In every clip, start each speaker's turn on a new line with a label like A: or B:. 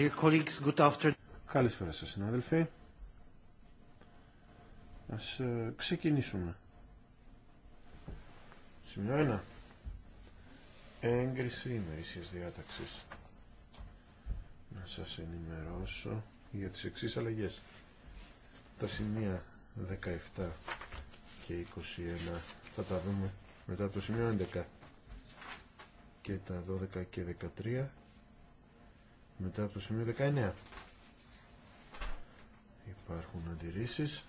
A: Dear colleagues, good afternoon. Καλησπέρα σας συνάδελφοι. Ας ε, ξεκινήσουμε. Σημείο 1. Έγκριση ημερήσιας διάταξης. Να σας ενημερώσω για τις εξής αλλαγές. Τα σημεία 17 και 21 θα τα δούμε μετά το σημείο 11 και τα 12 και 13 μετά από το σημείο 19. Υπάρχουν αντιρρήσεις.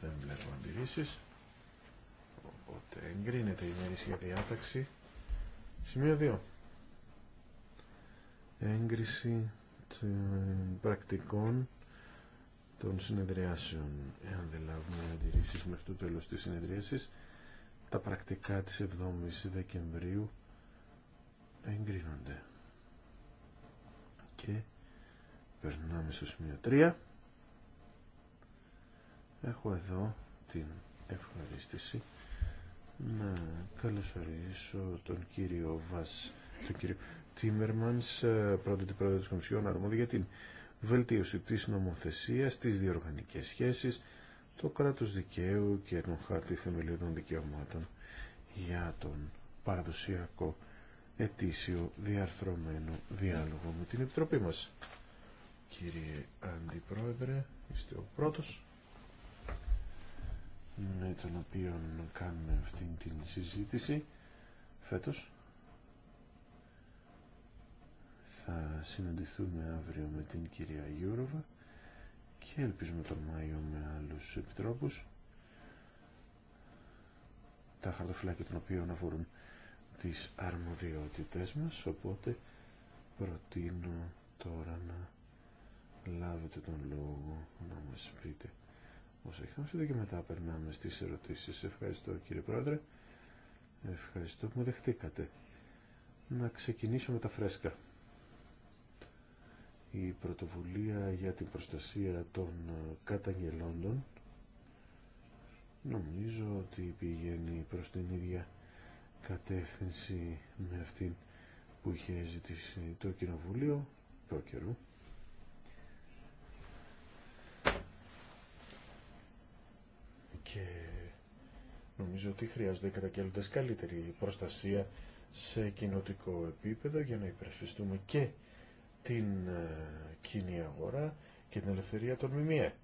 A: Δεν βλέπω αντιρρήσεις. Οπότε εγκρίνεται η μερίσια διάταξη. Σημείο 2. Έγκριση των πρακτικών των συνεδριάσεων. Εάν δεν λάβουμε αντιρρήσεις μέχρι το τέλος της συνεδρίασης, τα πρακτικά της 7ης Δεκεμβρίου εγκρίνονται και περνάμε στο σημείο 3 έχω εδώ την ευχαρίστηση να καλωσορίσω τον κύριο Βασ τον κύριο Τίμερμανς πρώτο την πρόεδρο της Κομισιόν Αρμόδη, για την βελτίωση της νομοθεσίας τις διοργανικές σχέσεις το κράτος δικαίου και τον χάρτη θεμελιωδών δικαιωμάτων για τον παραδοσιακό ετήσιο διαρθρωμένο διάλογο με την Επιτροπή μας. Κύριε Αντιπρόεδρε, είστε ο πρώτος με τον οποίο κάνουμε αυτήν την συζήτηση φέτος. Θα συναντηθούμε αύριο με την κυρία Γιούροβα και ελπίζουμε τον Μάιο με άλλους επιτρόπους. Τα χαρτοφυλάκια των οποίων αφορούν τις αρμοδιότητές μας, οπότε προτείνω τώρα να λάβετε τον λόγο να μας πείτε πώς έχετε και μετά περνάμε στις ερωτήσεις. Ευχαριστώ κύριε Πρόεδρε, ευχαριστώ που με δεχτήκατε. Να ξεκινήσω με τα φρέσκα. Η πρωτοβουλία για την προστασία των καταγγελόντων νομίζω ότι πηγαίνει προς την ίδια κατεύθυνση με αυτήν που είχε ζητήσει το Κοινοβούλιο το καιρό. Και νομίζω ότι χρειάζονται οι καλύτερη προστασία σε κοινοτικό επίπεδο για να υπερασπιστούμε και την ε, κοινή αγορά και την ελευθερία των ΜΜΕ.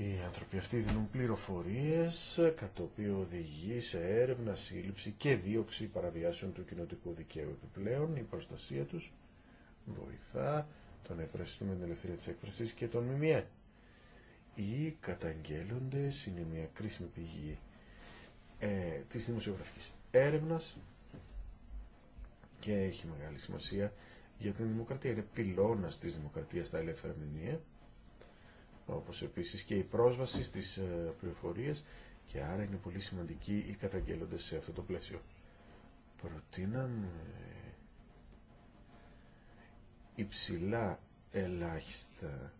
A: Οι άνθρωποι αυτοί δίνουν πληροφορίες, κατά το οποίο οδηγεί σε έρευνα, σύλληψη και δίωξη παραβιάσεων του κοινοτικού δικαίου. Επιπλέον, η προστασία τους βοηθά τον να με την ελευθερία της έκφρασης και τον ΜΜΕ. Οι καταγγέλλοντες είναι μια κρίσιμη πηγή ε, της δημοσιογραφικής έρευνας και έχει μεγάλη σημασία για την δημοκρατία. Είναι πυλώνας της δημοκρατίας τα ελεύθερα μηνύα όπως επίσης και η πρόσβαση στις ε, πληροφορίες και άρα είναι πολύ σημαντικοί οι καταγγέλλοντες σε αυτό το πλαίσιο. Προτείναμε υψηλά ελάχιστα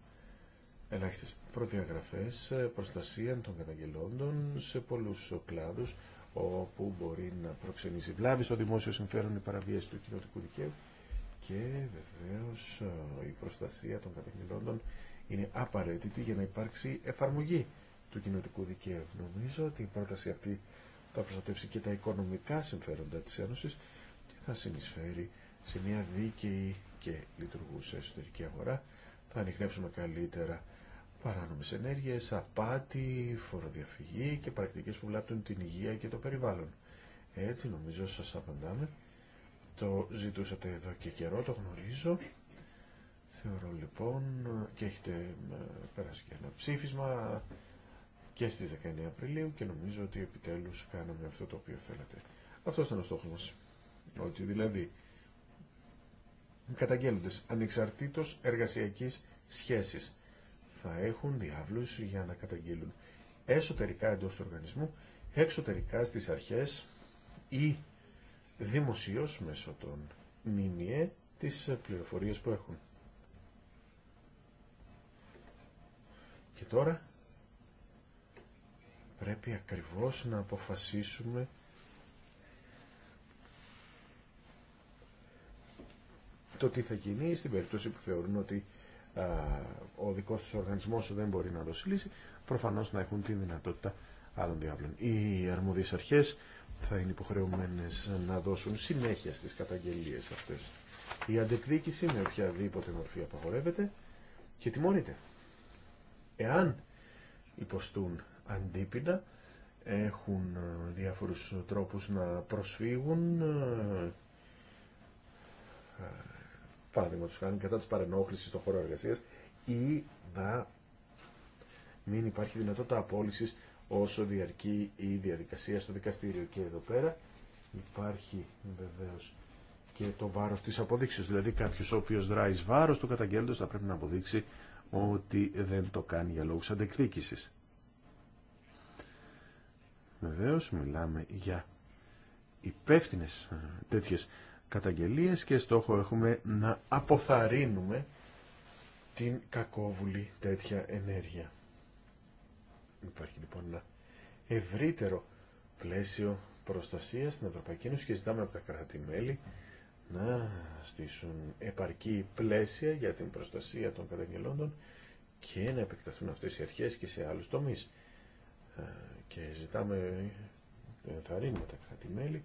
A: ελάχιστες προδιαγραφές ε, προστασία των καταγγελόντων σε πολλούς κλάδους όπου μπορεί να προξενήσει βλάβη στο δημόσιο συμφέρον η παραβίαση του κοινωτικού δικαίου και βεβαίως ε, η προστασία των καταγγελόντων είναι απαραίτητη για να υπάρξει εφαρμογή του κοινωτικού δικαίου. Νομίζω ότι η πρόταση αυτή θα προστατεύσει και τα οικονομικά συμφέροντα της Ένωσης και θα συνεισφέρει σε μια δίκαιη και λειτουργούσα εσωτερική αγορά. Θα ανοιχνεύσουμε καλύτερα παράνομες ενέργειες, απάτη, φοροδιαφυγή και πρακτικές που βλάπτουν την υγεία και το περιβάλλον. Έτσι νομίζω σας απαντάμε. Το ζητούσατε εδώ και καιρό, το γνωρίζω. Θεωρώ λοιπόν και έχετε ε, πέρασει και ένα ψήφισμα και στις 19 Απριλίου και νομίζω ότι επιτέλους κάναμε αυτό το οποίο θέλατε. Αυτό ήταν ο στόχος μα. Ότι δηλαδή καταγγέλλοντες ανεξαρτήτως εργασιακής σχέσης θα έχουν διάβλους για να καταγγείλουν εσωτερικά εντός του οργανισμού, εξωτερικά στις αρχές ή δημοσίως μέσω των ΜΜΕ τις πληροφορίε που έχουν. Και τώρα πρέπει ακριβώς να αποφασίσουμε το τι θα γίνει στην περίπτωση που θεωρούν ότι α, ο δικός τους οργανισμός δεν μπορεί να δώσει λύση, προφανώς να έχουν τη δυνατότητα άλλων διάβλων. Οι αρμόδιες αρχές θα είναι υποχρεωμένες να δώσουν συνέχεια στις καταγγελίες αυτές. Η αντεκδίκηση με οποιαδήποτε μορφή απαγορεύεται και τιμωρείται εάν υποστούν αντίπεινα, έχουν ε, διάφορους τρόπους να προσφύγουν ε, ε, παραδείγματος κάνει κατά της παρενόχλησης στον χώρο εργασίας ή να μην υπάρχει δυνατότητα απόλυσης όσο διαρκεί η διαδικασία στο δικαστήριο. Και εδώ πέρα υπάρχει βεβαίω και το βάρος της αποδείξεως. Δηλαδή κάποιος ο οποίος δράει βάρος του καταγγέλντος θα πρέπει να αποδείξει ότι δεν το κάνει για λόγους αντεκδίκησης. Βεβαίως μιλάμε για υπεύθυνε ε, τέτοιες καταγγελίες και στόχο έχουμε να αποθαρρύνουμε την κακόβουλη τέτοια ενέργεια. Υπάρχει λοιπόν ένα ευρύτερο πλαίσιο προστασίας στην Ευρωπαϊκή Ένωση και ζητάμε από τα κράτη-μέλη να στήσουν επαρκή πλαίσια για την προστασία των καταγγελόντων και να επεκταθούν αυτές οι αρχές και σε άλλους τομείς. Ε, και ζητάμε, ενθαρρύνουμε τα κράτη-μέλη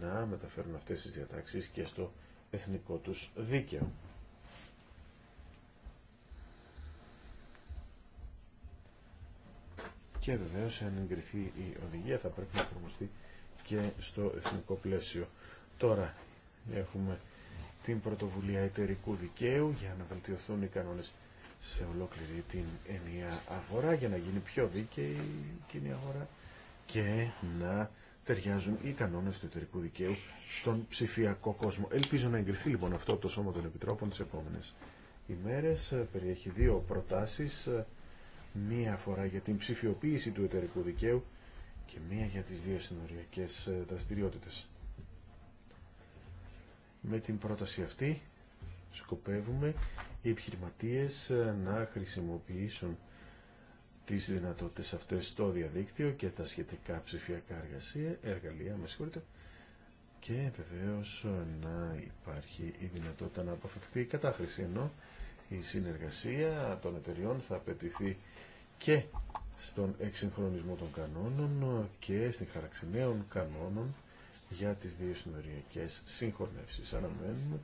A: να μεταφέρουν αυτές τις διατάξεις και στο εθνικό τους δίκαιο. Και βεβαίως αν εγκριθεί η οδηγία θα πρέπει να εφαρμοστεί και στο εθνικό πλαίσιο. Τώρα Έχουμε την πρωτοβουλία εταιρικού δικαίου για να βελτιωθούν οι κανόνες σε ολόκληρη την ενιαία αγορά για να γίνει πιο δίκαιη η κοινή αγορά και να ταιριάζουν οι κανόνες του εταιρικού δικαίου στον ψηφιακό κόσμο. Ελπίζω να εγκριθεί λοιπόν αυτό το Σώμα των Επιτρόπων τις επόμενες ημέρες. Περιέχει δύο προτάσεις, μία αφορά για την ψηφιοποίηση του εταιρικού δικαίου και μία για τις δύο συνοριακές δραστηριότητες. Με την πρόταση αυτή σκοπεύουμε οι επιχειρηματίες ε, να χρησιμοποιήσουν τις δυνατότητες αυτές στο διαδίκτυο και τα σχετικά ψηφιακά εργασία, εργαλεία με και βεβαίως ε, να υπάρχει η δυνατότητα να αποφευθεί η κατάχρηση ενώ η συνεργασία των εταιριών θα απαιτηθεί και στον εξυγχρονισμό των κανόνων ε, και στην χάραξη κανόνων για τις δύο συνοριακές συγχωνεύσεις. Αναμένουμε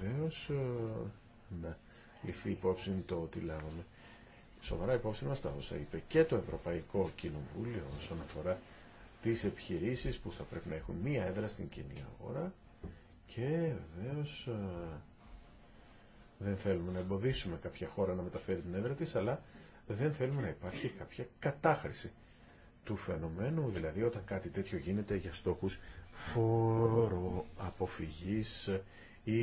A: βεβαίως ε, να ληφθεί υπόψη το ότι λάβαμε σοβαρά υπόψη μας τα όσα είπε και το Ευρωπαϊκό Κοινοβούλιο όσον αφορά τις επιχειρήσεις που θα πρέπει να έχουν μία έδρα στην κοινή αγορά και βεβαίω ε, δεν θέλουμε να εμποδίσουμε κάποια χώρα να μεταφέρει την έδρα της αλλά δεν θέλουμε να υπάρχει κάποια κατάχρηση του φαινομένου, δηλαδή όταν κάτι τέτοιο γίνεται για στόχους αποφυγής ή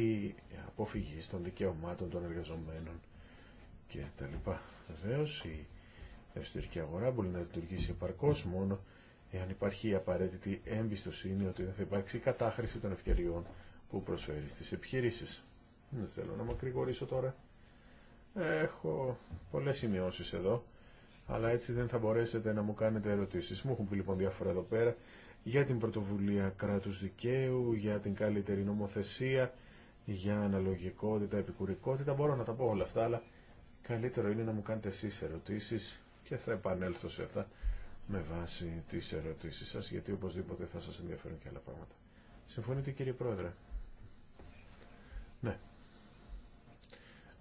A: αποφυγής των δικαιωμάτων των εργαζομένων και τέλος ή αποφυγής των δικαιωμάτων των εργαζομένων και τα λοιπά. Βεβαίως η εσωτερική αγορά μπορεί να λειτουργήσει επαρκώς μόνο εάν υπάρχει η απαραίτητη εμπιστοσύνη ότι δεν θα υπάρξει κατάχρηση των ευκαιριών που προσφέρει στις επιχειρήσεις. Δεν θέλω να μακρηγορήσω τώρα. Έχω πολλές σημειώσεις εδώ αλλά έτσι δεν θα μπορέσετε να μου κάνετε ερωτήσεις. Μου έχουν πει λοιπόν διάφορα εδώ πέρα για την πρωτοβουλία κράτους δικαίου, για την καλύτερη νομοθεσία, για αναλογικότητα, επικουρικότητα. Μπορώ να τα πω όλα αυτά, αλλά καλύτερο είναι να μου κάνετε εσείς ερωτήσεις και θα επανέλθω σε αυτά με βάση τις ερωτήσεις σας, γιατί οπωσδήποτε θα σας ενδιαφέρουν και άλλα πράγματα. Συμφωνείτε κύριε Πρόεδρε. Ναι.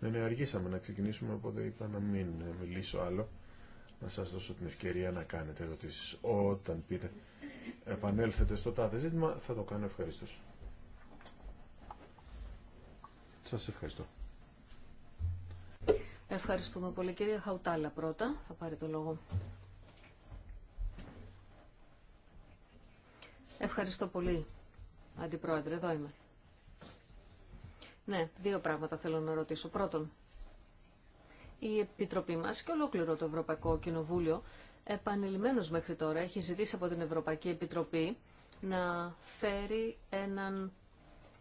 A: Ναι, ναι, αργήσαμε να ξεκινήσουμε, οπότε είπα να μην μιλήσω άλλο να σας δώσω την ευκαιρία να κάνετε ερωτήσεις. Όταν πείτε επανέλθετε στο τάδε ζήτημα, θα το κάνω ευχαριστώ. Σας ευχαριστώ.
B: Ευχαριστούμε πολύ. Κυρία Χαουτάλα πρώτα, θα πάρει το λόγο. Ευχαριστώ πολύ, Αντιπρόεδρε. Εδώ είμαι. Ναι, δύο πράγματα θέλω να ρωτήσω. Πρώτον, η Επιτροπή μας και ολόκληρο το Ευρωπαϊκό Κοινοβούλιο επανειλημμένω μέχρι τώρα έχει ζητήσει από την Ευρωπαϊκή Επιτροπή να φέρει έναν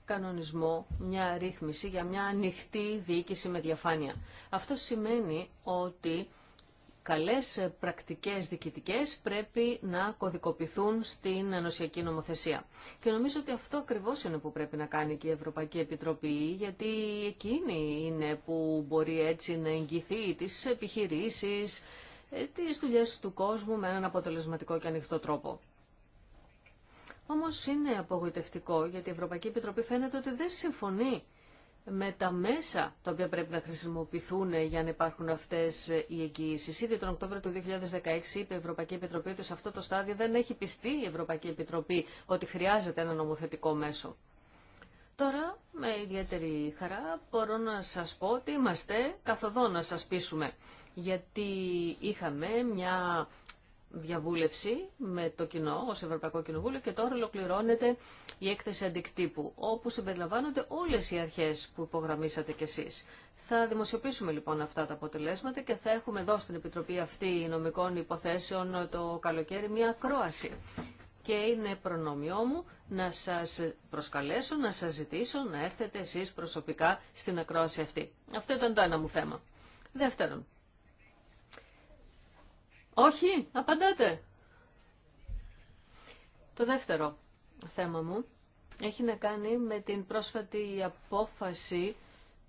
B: κανονισμό, μια ρύθμιση για μια ανοιχτή διοίκηση με διαφάνεια. Αυτό σημαίνει ότι καλές πρακτικές διοικητικές πρέπει να κωδικοποιηθούν στην ενωσιακή νομοθεσία. Και νομίζω ότι αυτό ακριβώς είναι που πρέπει να κάνει και η Ευρωπαϊκή Επιτροπή, γιατί εκείνη είναι που μπορεί έτσι να εγγυθεί τις επιχειρήσεις, ε, τις δουλειές του κόσμου με έναν αποτελεσματικό και ανοιχτό τρόπο. Όμως είναι απογοητευτικό, γιατί η Ευρωπαϊκή Επιτροπή φαίνεται ότι δεν συμφωνεί με τα μέσα τα οποία πρέπει να χρησιμοποιηθούν για να υπάρχουν αυτέ οι εγγυήσει. Ήδη τον Οκτώβριο του 2016 είπε η Ευρωπαϊκή Επιτροπή ότι σε αυτό το στάδιο δεν έχει πιστεί η Ευρωπαϊκή Επιτροπή ότι χρειάζεται ένα νομοθετικό μέσο. Τώρα, με ιδιαίτερη χαρά, μπορώ να σας πω ότι είμαστε καθοδόν να σας πείσουμε. Γιατί είχαμε μια διαβούλευση με το κοινό ω Ευρωπαϊκό Κοινοβούλιο και τώρα ολοκληρώνεται η έκθεση αντικτύπου, όπου συμπεριλαμβάνονται όλε οι αρχέ που υπογραμμίσατε κι εσεί. Θα δημοσιοποιήσουμε λοιπόν αυτά τα αποτελέσματα και θα έχουμε εδώ στην Επιτροπή αυτή νομικών υποθέσεων το καλοκαίρι μια ακρόαση. Και είναι προνομιό μου να σας προσκαλέσω, να σας ζητήσω να έρθετε εσείς προσωπικά στην ακρόαση αυτή. Αυτό ήταν το ένα μου θέμα. Δεύτερον, όχι, απαντάτε. Το δεύτερο θέμα μου έχει να κάνει με την πρόσφατη απόφαση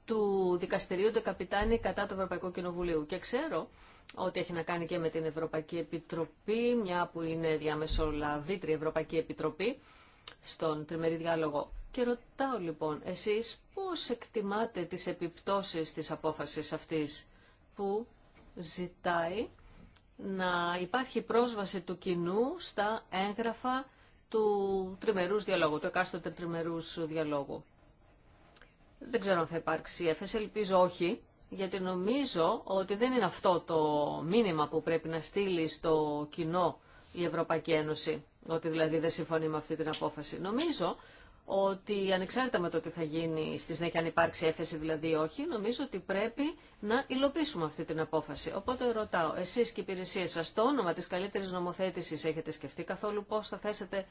B: του Δικαστηρίου του Καπιτάνη κατά του Ευρωπαϊκού Κοινοβουλίου. Και ξέρω ότι έχει να κάνει και με την Ευρωπαϊκή Επιτροπή, μια που είναι διαμεσολαβήτρια Ευρωπαϊκή Επιτροπή, στον τριμερή διάλογο. Και ρωτάω λοιπόν, εσείς πώς εκτιμάτε τις επιπτώσεις της απόφασης αυτής που ζητάει να υπάρχει πρόσβαση του κοινού στα έγγραφα του τριμερούς διαλόγου, του εκάστοτε τριμερούς διαλόγου. Δεν ξέρω αν θα υπάρξει έφεση, ελπίζω όχι, γιατί νομίζω ότι δεν είναι αυτό το μήνυμα που πρέπει να στείλει στο κοινό η Ευρωπαϊκή Ένωση, ότι δηλαδή δεν συμφωνεί με αυτή την απόφαση. Νομίζω ότι ανεξάρτητα με το τι θα γίνει στη συνέχεια, αν υπάρξει έφεση δηλαδή όχι, νομίζω ότι πρέπει να υλοποιήσουμε αυτή την απόφαση. Οπότε ρωτάω, εσεί και οι υπηρεσίε σα, το όνομα τη καλύτερη νομοθέτηση έχετε σκεφτεί καθόλου πώ θα θέσετε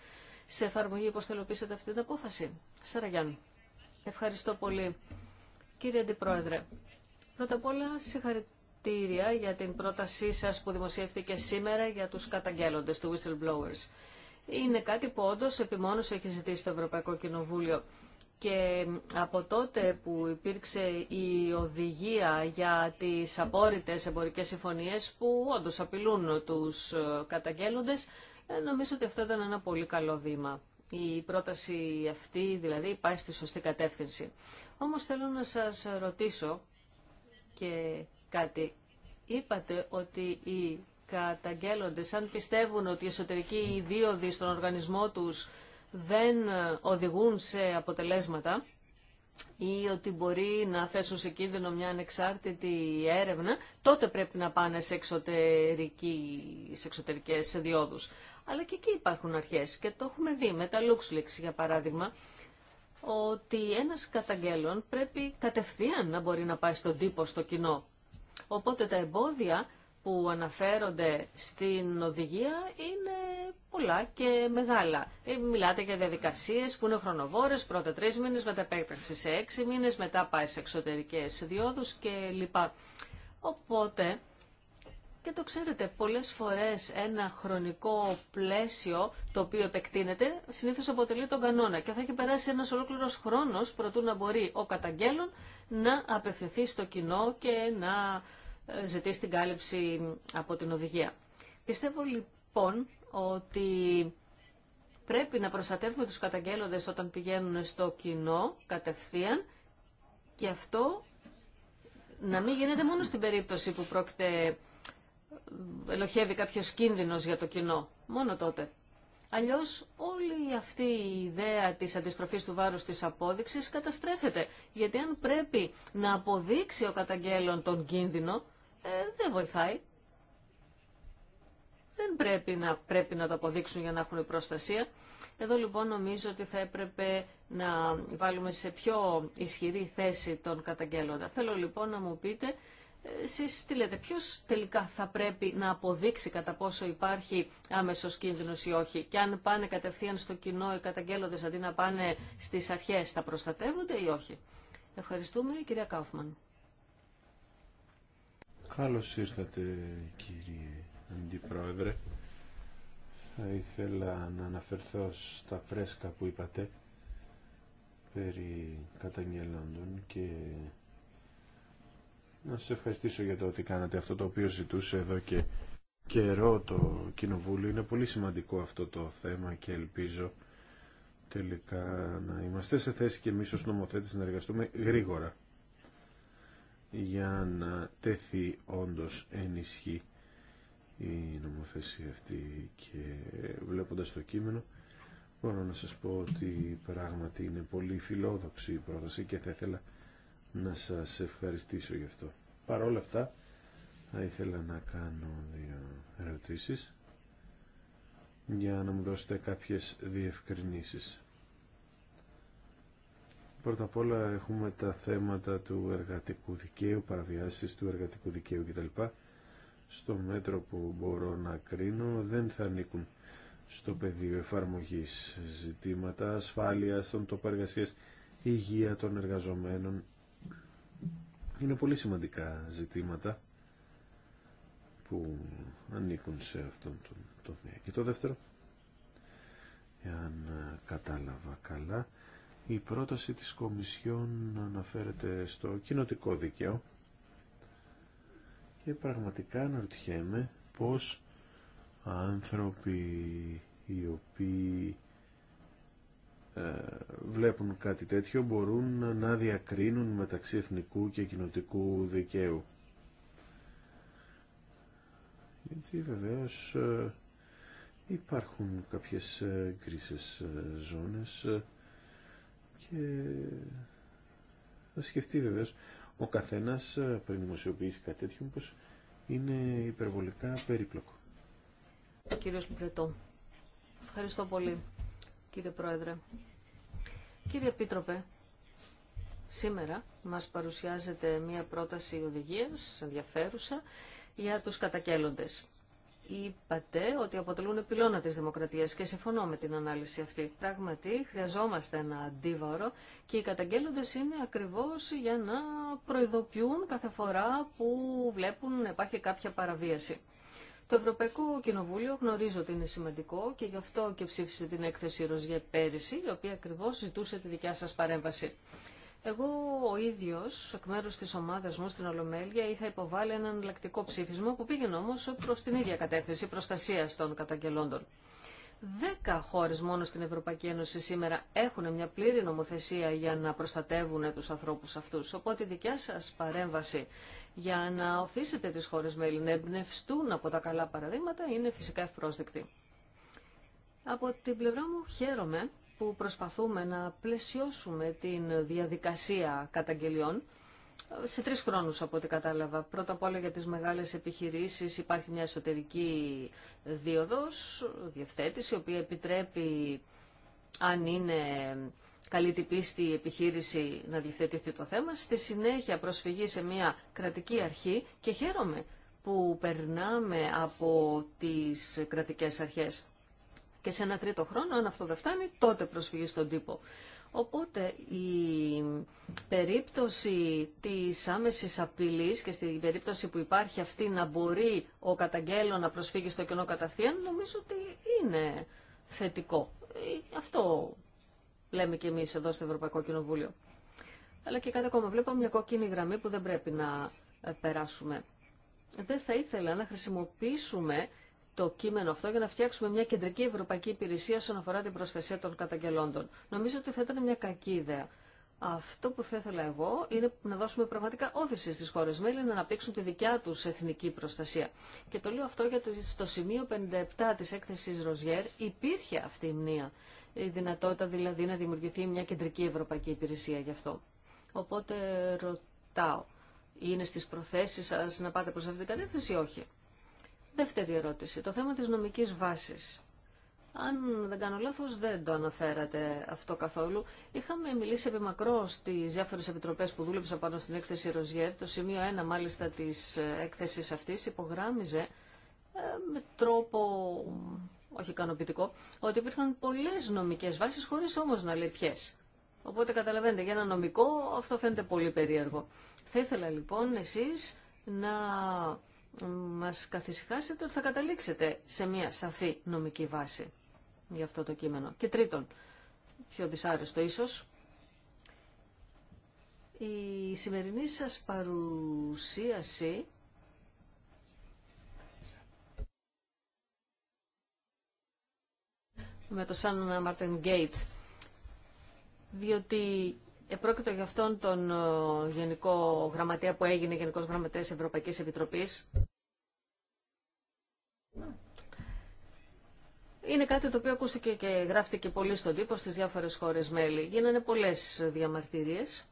B: σε εφαρμογή, πώ θα υλοποιήσετε αυτή την απόφαση. Σαραγιάννη. Ευχαριστώ πολύ. Κύριε Αντιπρόεδρε, πρώτα απ' όλα συγχαρητήρια για την πρότασή σας που δημοσιεύτηκε σήμερα για τους καταγγέλλοντες, του whistleblowers είναι κάτι που όντω, επιμόνως έχει ζητήσει το Ευρωπαϊκό Κοινοβούλιο. Και από τότε που υπήρξε η οδηγία για τις απόρριτες εμπορικές συμφωνίες που όντω απειλούν τους ε, καταγγέλλοντες, ε, νομίζω ότι αυτό ήταν ένα πολύ καλό βήμα. Η πρόταση αυτή δηλαδή πάει στη σωστή κατεύθυνση. Όμως θέλω να σας ρωτήσω και κάτι. Είπατε ότι η καταγγέλλονται, αν πιστεύουν ότι οι εσωτερικοί ιδίωδοι στον οργανισμό τους δεν ε, οδηγούν σε αποτελέσματα ή ότι μπορεί να θέσουν σε κίνδυνο μια ανεξάρτητη έρευνα, τότε πρέπει να πάνε σε, εξωτερική, σε εξωτερικές διόδους. Αλλά και εκεί υπάρχουν αρχές και το έχουμε δει με τα LuxLeaks για παράδειγμα, ότι ένας καταγγέλων πρέπει κατευθείαν να μπορεί να πάει στον τύπο, στο κοινό. Οπότε τα εμπόδια που αναφέρονται στην οδηγία είναι πολλά και μεγάλα. Ε, μιλάτε για διαδικασίες που είναι χρονοβόρες, πρώτα τρεις μήνες, μετά επέκταση σε έξι μήνες, μετά πάει σε εξωτερικές διόδους κλπ. Οπότε, και το ξέρετε, πολλές φορές ένα χρονικό πλαίσιο το οποίο επεκτείνεται συνήθως αποτελεί τον κανόνα και θα έχει περάσει ένας ολόκληρος χρόνος προτού να μπορεί ο καταγγέλων να απευθυνθεί στο κοινό και να ζητήσει την κάλυψη από την οδηγία. Πιστεύω λοιπόν ότι πρέπει να προστατεύουμε τους καταγγέλλοντες όταν πηγαίνουν στο κοινό κατευθείαν και αυτό να μην γίνεται μόνο στην περίπτωση που πρόκειται ελοχεύει κάποιος κίνδυνος για το κοινό. Μόνο τότε. Αλλιώς όλη αυτή η ιδέα της αντιστροφής του βάρους της απόδειξης καταστρέφεται. Γιατί αν πρέπει να αποδείξει ο καταγγέλλον τον κίνδυνο, ε, δεν βοηθάει. Δεν πρέπει να, πρέπει να το αποδείξουν για να έχουν προστασία. Εδώ λοιπόν νομίζω ότι θα έπρεπε να βάλουμε σε πιο ισχυρή θέση τον καταγγέλλοντα. Θέλω λοιπόν να μου πείτε, ε, εσείς τι λέτε, ποιος τελικά θα πρέπει να αποδείξει κατά πόσο υπάρχει άμεσος κίνδυνος ή όχι. Και αν πάνε κατευθείαν στο κοινό οι καταγγέλλοντες αντί να πάνε στις αρχές, θα προστατεύονται ή όχι. Ευχαριστούμε κυρία Κάουφμαν.
A: Καλώς ήρθατε κύριε Αντιπρόεδρε. Θα ήθελα να αναφερθώ στα φρέσκα που είπατε περί καταγγελόντων και να σας ευχαριστήσω για το ότι κάνατε αυτό το οποίο ζητούσε εδώ και καιρό το Κοινοβούλιο. Είναι πολύ σημαντικό αυτό το θέμα και ελπίζω τελικά να είμαστε σε θέση και εμείς ως νομοθέτης να εργαστούμε γρήγορα για να τέθει όντως ενισχύ η νομοθεσία αυτή και βλέποντας το κείμενο μπορώ να σας πω ότι πράγματι είναι πολύ φιλόδοξη η πρόταση και θα ήθελα να σας ευχαριστήσω γι' αυτό. Παρ' όλα αυτά θα ήθελα να κάνω δύο ερωτήσεις για να μου δώσετε κάποιες διευκρινήσεις. Πρώτα απ' όλα έχουμε τα θέματα του εργατικού δικαίου, παραβιάσεις του εργατικού δικαίου κτλ. Στο μέτρο που μπορώ να κρίνω δεν θα ανήκουν στο πεδίο εφαρμογής ζητήματα ασφάλειας των τοπαργασίας, υγεία των εργαζομένων. Είναι πολύ σημαντικά ζητήματα που ανήκουν σε αυτόν τον τομέα. Και το δεύτερο, εάν κατάλαβα καλά, η πρόταση της Κομισιόν αναφέρεται στο κοινοτικό δίκαιο και πραγματικά αναρωτιέμαι πώς άνθρωποι οι οποίοι ε, βλέπουν κάτι τέτοιο μπορούν να διακρίνουν μεταξύ εθνικού και κοινοτικού δικαίου. Γιατί βεβαίως ε, υπάρχουν κάποιες ε, κρίσες ζώνες και θα σκεφτεί βεβαίως ο καθένας ε, πριν δημοσιοποιήσει κάτι τέτοιο πως είναι υπερβολικά περίπλοκο.
B: Κύριος Μπρετό, ευχαριστώ πολύ κύριε Πρόεδρε. Κύριε Επίτροπε, σήμερα μας παρουσιάζεται μια πρόταση οδηγίας ενδιαφέρουσα για τους κατακέλοντες είπατε ότι αποτελούν πυλώνα της δημοκρατίας και συμφωνώ με την ανάλυση αυτή. Πράγματι, χρειαζόμαστε ένα αντίβαρο και οι καταγγέλλοντες είναι ακριβώς για να προειδοποιούν κάθε φορά που βλέπουν να υπάρχει κάποια παραβίαση. Το Ευρωπαϊκό Κοινοβούλιο γνωρίζω ότι είναι σημαντικό και γι' αυτό και ψήφισε την έκθεση Ροζιέ πέρυσι, η οποία ακριβώς ζητούσε τη δικιά σας παρέμβαση. Εγώ ο ίδιο, εκ μέρου τη ομάδα μου στην Ολομέλεια, είχα υποβάλει ένα εναλλακτικό ψήφισμα που πήγαινε όμω προ την ίδια κατεύθυνση προστασία των καταγγελόντων. Δέκα χώρε μόνο στην Ευρωπαϊκή Ένωση σήμερα έχουν μια πλήρη νομοθεσία για να προστατεύουν του ανθρώπου αυτού. Οπότε η δικιά σα παρέμβαση για να οθήσετε τις χώρες μέλη να εμπνευστούν από τα καλά παραδείγματα είναι φυσικά ευπρόσδεκτη. Από την πλευρά μου χαίρομαι που προσπαθούμε να πλαισιώσουμε την διαδικασία καταγγελιών σε τρεις χρόνους από ό,τι κατάλαβα. Πρώτα απ' όλα για τις μεγάλες επιχειρήσεις υπάρχει μια εσωτερική δίωδος, διευθέτηση, η οποία επιτρέπει αν είναι καλή τυπίστη η επιχείρηση να διευθετηθεί το θέμα. Στη συνέχεια προσφυγή σε μια κρατική αρχή και χαίρομαι που περνάμε από τις κρατικές αρχές και σε ένα τρίτο χρόνο, αν αυτό δεν φτάνει, τότε προσφυγή στον τύπο. Οπότε η περίπτωση της άμεσης απειλής και στην περίπτωση που υπάρχει αυτή να μπορεί ο καταγγέλων να προσφύγει στο κοινό κατευθείαν, νομίζω ότι είναι θετικό. Ε, αυτό λέμε και εμείς εδώ στο Ευρωπαϊκό Κοινοβούλιο. Αλλά και κάτι ακόμα. Βλέπω μια κόκκινη γραμμή που δεν πρέπει να ε, περάσουμε. Δεν θα ήθελα να χρησιμοποιήσουμε το κείμενο αυτό για να φτιάξουμε μια κεντρική ευρωπαϊκή υπηρεσία όσον αφορά την προστασία των καταγγελόντων. Νομίζω ότι θα ήταν μια κακή ιδέα. Αυτό που θα ήθελα εγώ είναι να δώσουμε πραγματικά όθηση στις χώρες μέλη να αναπτύξουν τη δικιά τους εθνική προστασία. Και το λέω αυτό γιατί στο σημείο 57 της έκθεσης Ροζιέρ υπήρχε αυτή η μνήα. Η δυνατότητα δηλαδή να δημιουργηθεί μια κεντρική ευρωπαϊκή υπηρεσία γι' αυτό. Οπότε ρωτάω, είναι στις προθέσεις σας να πάτε προς την κατεύθυνση ή όχι. Δεύτερη ερώτηση. Το θέμα της νομικής βάσης. Αν δεν κάνω λάθος, δεν το αναφέρατε αυτό καθόλου. Είχαμε μιλήσει επί μακρό στις διάφορες επιτροπές που δούλεψα πάνω στην έκθεση Ροζιέρ. Το σημείο 1 μάλιστα της έκθεσης αυτής υπογράμμιζε ε, με τρόπο όχι ικανοποιητικό, ότι υπήρχαν πολλές νομικές βάσεις χωρίς όμως να λέει ποιες. Οπότε καταλαβαίνετε, για ένα νομικό αυτό φαίνεται πολύ περίεργο. Θα ήθελα λοιπόν εσείς να μας καθησυχάσετε ότι θα καταλήξετε σε μια σαφή νομική βάση για αυτό το κείμενο. Και τρίτον, πιο δυσάρεστο ίσως, η σημερινή σας παρουσίαση με το Σαν Μάρτεν Γκέιτ διότι Επρόκειτο για αυτόν τον ε, Γενικό Γραμματέα που έγινε Γενικός Γραμματέας Ευρωπαϊκής Επιτροπής. Είναι κάτι το οποίο ακούστηκε και γράφτηκε πολύ στον τύπο στις διάφορες χώρες μέλη. Γίνανε πολλές διαμαρτυρίες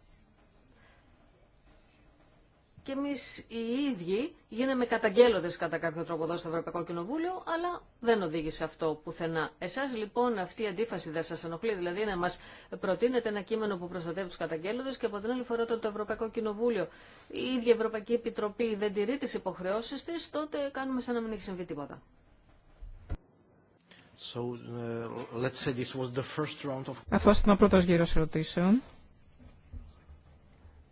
B: και εμεί οι ίδιοι γίναμε καταγγέλλοντε κατά κάποιο τρόπο εδώ στο Ευρωπαϊκό Κοινοβούλιο, αλλά δεν οδήγησε αυτό πουθενά. Εσά λοιπόν αυτή η αντίφαση δεν σα ενοχλεί, δηλαδή να μα προτείνετε ένα κείμενο που προστατεύει του καταγγέλλοντε και από την άλλη φορά όταν το Ευρωπαϊκό Κοινοβούλιο, η ίδια Ευρωπαϊκή Επιτροπή δεν τηρεί τι υποχρεώσει τη, τότε κάνουμε σαν να μην έχει συμβεί τίποτα.
A: Uh,
C: αυτό ήταν ο πρώτο γύρο ερωτήσεων.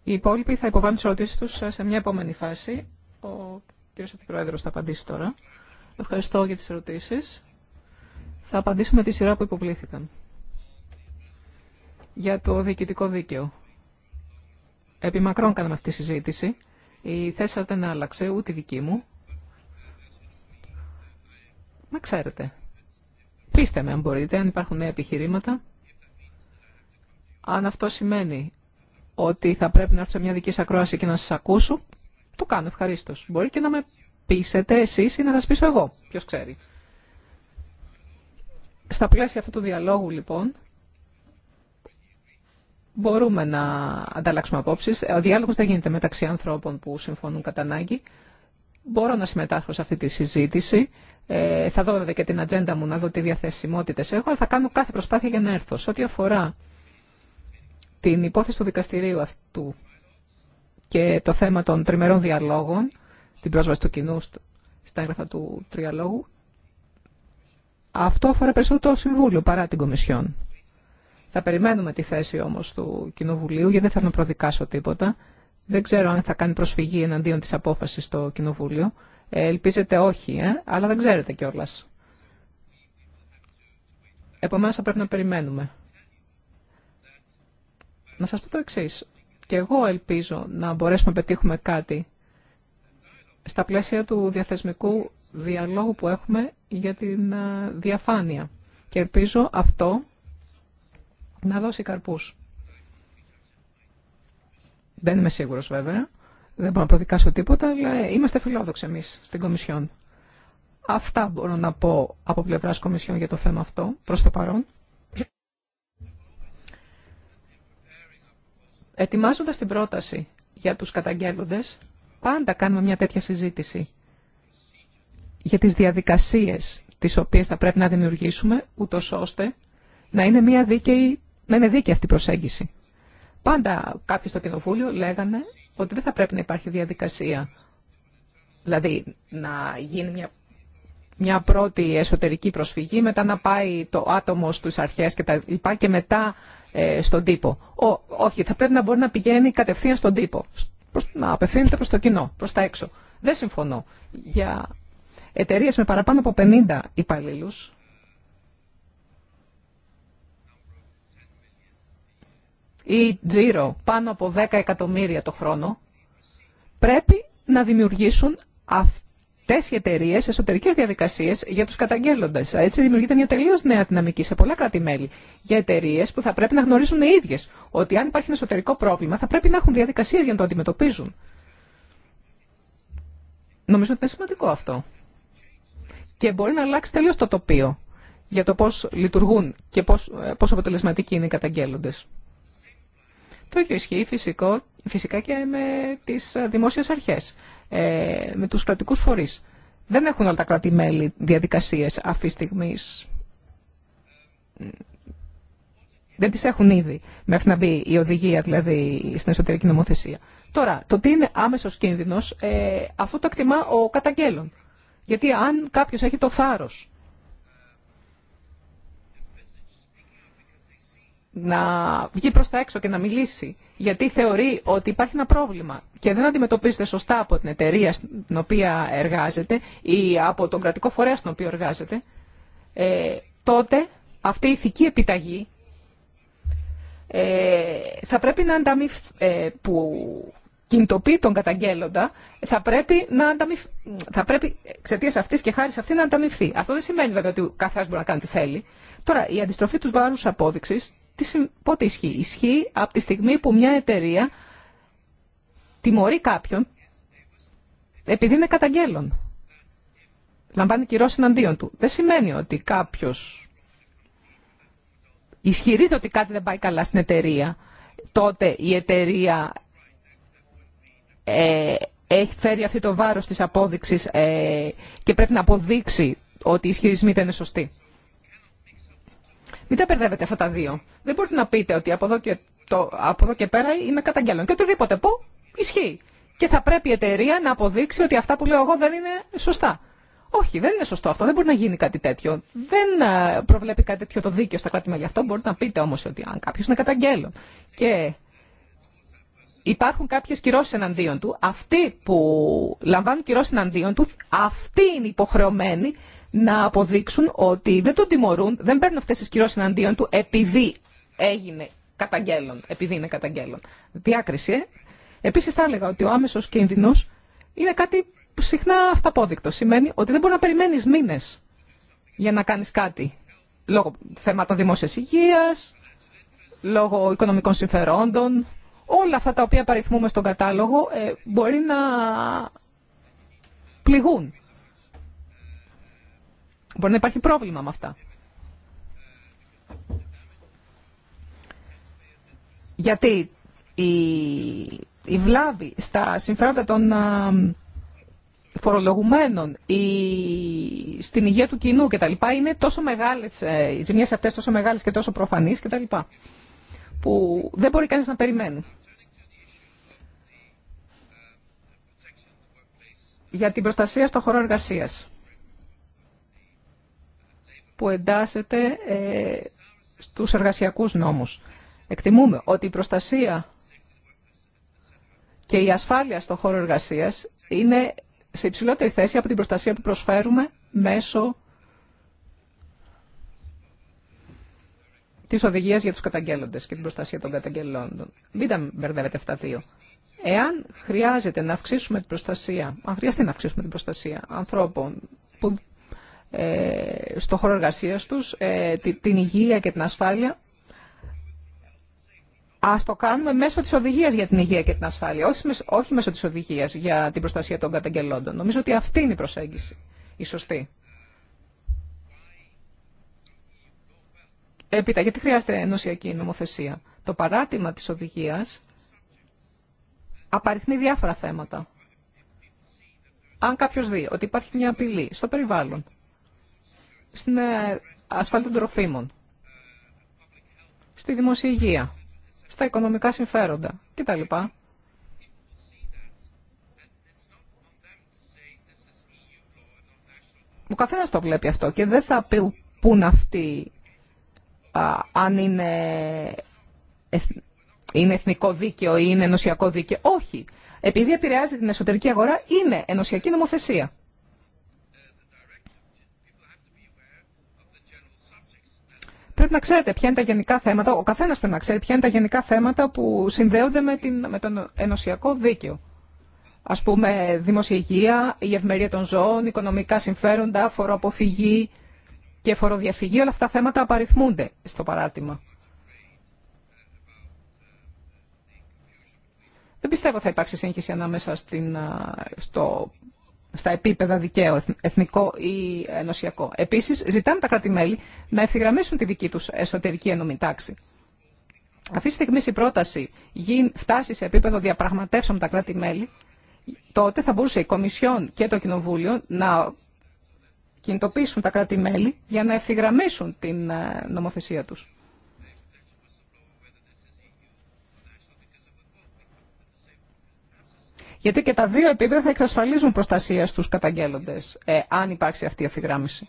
C: Οι υπόλοιποι θα υποβάλουν τι ερωτήσει του σε μια επόμενη φάση. Ο κύριος Επιπρόεδρο θα απαντήσει τώρα. Ευχαριστώ για τις ερωτήσει. Θα απαντήσουμε τη σειρά που υποβλήθηκαν. Για το διοικητικό δίκαιο. Επί μακρόν κάναμε αυτή τη συζήτηση. Η θέση σα δεν άλλαξε, ούτε η δική μου. Μα ξέρετε. Πείστε με αν μπορείτε, αν υπάρχουν νέα επιχειρήματα. Αν αυτό σημαίνει ότι θα πρέπει να έρθω σε μια δική σα ακρόαση και να σα ακούσω, το κάνω ευχαρίστω. Μπορεί και να με πείσετε εσεί ή να σα πείσω εγώ, ποιο ξέρει. Στα πλαίσια αυτού του διαλόγου, λοιπόν, μπορούμε να ανταλλάξουμε απόψει. Ο διάλογο δεν γίνεται μεταξύ ανθρώπων που συμφωνούν κατά ανάγκη. Μπορώ να συμμετάσχω σε αυτή τη συζήτηση. Ε, θα δω βέβαια και την ατζέντα μου να δω τι διαθεσιμότητε έχω, αλλά θα κάνω κάθε προσπάθεια για να έρθω. Σε ό,τι αφορά την υπόθεση του δικαστηρίου αυτού και το θέμα των τριμερών διαλόγων, την πρόσβαση του κοινού στα έγγραφα του τριαλόγου, αυτό αφορά περισσότερο το Συμβούλιο παρά την Κομισιόν. Θα περιμένουμε τη θέση όμως του Κοινοβουλίου, γιατί δεν θέλω να προδικάσω τίποτα. Δεν ξέρω αν θα κάνει προσφυγή εναντίον της απόφασης στο Κοινοβούλιο. Ε, ελπίζετε όχι, ε? αλλά δεν ξέρετε κιόλα. Επομένως θα πρέπει να περιμένουμε να σας πω το εξή. Και εγώ ελπίζω να μπορέσουμε να πετύχουμε κάτι στα πλαίσια του διαθεσμικού διαλόγου που έχουμε για την ε, διαφάνεια. Και ελπίζω αυτό να δώσει καρπούς. Δεν είμαι σίγουρος βέβαια. Δεν μπορώ να προδικάσω τίποτα, αλλά είμαστε φιλόδοξοι εμείς στην Κομισιόν. Αυτά μπορώ να πω από πλευράς Κομισιόν για το θέμα αυτό, προς το παρόν. Ετοιμάζοντας την πρόταση για τους καταγγέλλοντες, πάντα κάνουμε μια τέτοια συζήτηση για τις διαδικασίες τις οποίες θα πρέπει να δημιουργήσουμε, ούτω ώστε να είναι, μια δίκαιη, να είναι δίκαιη αυτή η προσέγγιση. Πάντα κάποιοι στο κοινοβούλιο λέγανε ότι δεν θα πρέπει να υπάρχει διαδικασία, δηλαδή να γίνει μια μια πρώτη εσωτερική προσφυγή, μετά να πάει το άτομο στους αρχές και τα λοιπά και μετά ε, στον τύπο. όχι, θα πρέπει να μπορεί να πηγαίνει κατευθείαν στον τύπο, να απευθύνεται προς το κοινό, προς τα έξω. Δεν συμφωνώ. Για εταιρείε με παραπάνω από 50 υπαλλήλου. ή τζίρο πάνω από 10 εκατομμύρια το χρόνο, πρέπει να δημιουργήσουν αυτή Υπάρχουν οι εταιρείε εσωτερικέ διαδικασίε για του καταγγέλλοντε. Έτσι δημιουργείται μια τελείω νέα δυναμική σε πολλά κράτη-μέλη για εταιρείε που θα πρέπει να γνωρίζουν οι ίδιε ότι αν υπάρχει ένα εσωτερικό πρόβλημα θα πρέπει να έχουν διαδικασίε για να το αντιμετωπίζουν. Νομίζω ότι είναι σημαντικό αυτό. Και μπορεί να αλλάξει τελείω το τοπίο για το πώ λειτουργούν και πώ ε, αποτελεσματικοί είναι οι καταγγέλλοντε. Το ίδιο ισχύει φυσικό, φυσικά και με τι ε, δημόσιε αρχέ. Ε, με τους κρατικούς φορείς. Δεν έχουν όλα τα κρατη διαδικασίες αυτή τη στιγμή. Δεν τις έχουν ήδη μέχρι να μπει η οδηγία δηλαδή στην εσωτερική νομοθεσία. Τώρα, το τι είναι άμεσος κίνδυνος, ε, αυτό το εκτιμά ο καταγγέλων. Γιατί αν κάποιος έχει το θάρρος να βγει προς τα έξω και να μιλήσει, γιατί θεωρεί ότι υπάρχει ένα πρόβλημα και δεν αντιμετωπίζεται σωστά από την εταιρεία στην οποία εργάζεται ή από τον κρατικό φορέα στον οποίο εργάζεται, ε, τότε αυτή η ηθική επιταγή ε, θα πρέπει να ανταμυφ, ε, που κινητοποιεί τον καταγγέλλοντα, θα πρέπει, να ανταμυφ, θα πρέπει εξαιτία αυτή και χάρη σε αυτή να ανταμυφθεί. Αυτό δεν σημαίνει βέβαια ότι ο καθένα μπορεί να κάνει τι θέλει. Τώρα, η αντιστροφή του βάρου απόδειξη πότε ισχύει. Ισχύει από τη στιγμή που μια εταιρεία τιμωρεί κάποιον επειδή είναι καταγγέλων. Λαμβάνει κυρώσει εναντίον του. Δεν σημαίνει ότι κάποιο ισχυρίζεται ότι κάτι δεν πάει καλά στην εταιρεία. Τότε η εταιρεία ε, έχει φέρει αυτό το βάρος της απόδειξης ε, και πρέπει να αποδείξει ότι οι ισχυρισμοί δεν είναι σωστοί. Μην τα μπερδεύετε αυτά τα δύο. Δεν μπορείτε να πείτε ότι από εδώ και, το, από εδώ και πέρα είμαι καταγγέλων. Και οτιδήποτε πω ισχύει. Και θα πρέπει η εταιρεία να αποδείξει ότι αυτά που λέω εγώ δεν είναι σωστά. Όχι, δεν είναι σωστό αυτό. Δεν μπορεί να γίνει κάτι τέτοιο. Δεν ε, προβλέπει κάτι τέτοιο το δίκαιο στα κράτη Γι' αυτό μπορείτε να πείτε όμω ότι αν κάποιο είναι καταγγέλων και υπάρχουν κάποιε κυρώσει εναντίον του, αυτοί που λαμβάνουν κυρώσει εναντίον του, αυτοί είναι υποχρεωμένοι να αποδείξουν ότι δεν τον τιμωρούν, δεν παίρνουν αυτές τις κυρώσει εναντίον του επειδή έγινε καταγγέλων, επειδή είναι καταγγέλων. Διάκριση, ε. Επίσης θα έλεγα ότι ο άμεσος κίνδυνο είναι κάτι συχνά αυταπόδεικτο. Σημαίνει ότι δεν μπορεί να περιμένεις μήνες για να κάνεις κάτι. Λόγω θέματων δημόσια υγείας, λόγω οικονομικών συμφερόντων, όλα αυτά τα οποία παριθμούμε στον κατάλογο ε, μπορεί να πληγούν. Μπορεί να υπάρχει πρόβλημα με αυτά. Γιατί η, η βλάβη στα συμφέροντα των φορολογουμένων ή στην υγεία του κοινού κτλ. είναι τόσο μεγάλες, ε, οι ζημιές αυτές τόσο μεγάλες και τόσο προφανείς κτλ. που δεν μπορεί κανείς να περιμένει. Για την προστασία στον χώρο εργασίας που εντάσσεται ε, στους εργασιακούς νόμους. Εκτιμούμε ότι η προστασία και η ασφάλεια στον χώρο εργασίας είναι σε υψηλότερη θέση από την προστασία που προσφέρουμε μέσω της οδηγίας για τους καταγγέλλοντες και την προστασία των καταγγελόντων. Μην τα μπερδεύετε αυτά δύο. Εάν χρειάζεται να αυξήσουμε την προστασία, αν να αυξήσουμε την προστασία ανθρώπων που ε, στο χώρο εργασίας τους, ε, την υγεία και την ασφάλεια. Α το κάνουμε μέσω τη οδηγία για την υγεία και την ασφάλεια, όχι μέσω τη οδηγία για την προστασία των καταγγελόντων. Νομίζω ότι αυτή είναι η προσέγγιση, η σωστή. Έπειτα, γιατί χρειάζεται ενωσιακή νομοθεσία. Το παράτημα της οδηγίας απαριθμεί διάφορα θέματα. Αν κάποιος δει ότι υπάρχει μια απειλή στο περιβάλλον, στην ε, ασφάλεια των τροφίμων, στη δημόσια υγεία, στα οικονομικά συμφέροντα κτλ. Ο καθένας το βλέπει αυτό και δεν θα πούν αυτοί αυτή, αν είναι, είναι εθνικό δίκαιο ή είναι ενωσιακό δίκαιο. Όχι. Επειδή επηρεάζει την εσωτερική αγορά, είναι ενωσιακή νομοθεσία. πρέπει να ξέρετε ποια είναι τα γενικά θέματα, ο καθένας πρέπει να ξέρει ποια είναι τα γενικά θέματα που συνδέονται με, την, με τον ενωσιακό δίκαιο. Ας πούμε, δημοσιογεία, η ευμερία των ζώων, οικονομικά συμφέροντα, φοροαποφυγή και φοροδιαφυγή, όλα αυτά τα θέματα απαριθμούνται στο παράτημα. Δεν πιστεύω θα υπάρξει σύγχυση ανάμεσα στην, στο στα επίπεδα δικαίου, εθνικό ή ενωσιακό. Επίσης, ζητάμε τα κράτη-μέλη να ευθυγραμμίσουν τη δική τους εσωτερική ενωμή τάξη. Αυτή τη στιγμή η πρόταση φτάσει σε επίπεδο διαπραγματεύσεων με τα κράτη-μέλη, τότε θα μπορούσε η Κομισιόν και το Κοινοβούλιο να κινητοποιήσουν τα κράτη-μέλη για να ευθυγραμμίσουν την ε, νομοθεσία τους. Γιατί και τα δύο επίπεδα θα εξασφαλίζουν προστασία στους καταγγέλλοντες, ε, αν υπάρξει αυτή η αφιγράμμιση.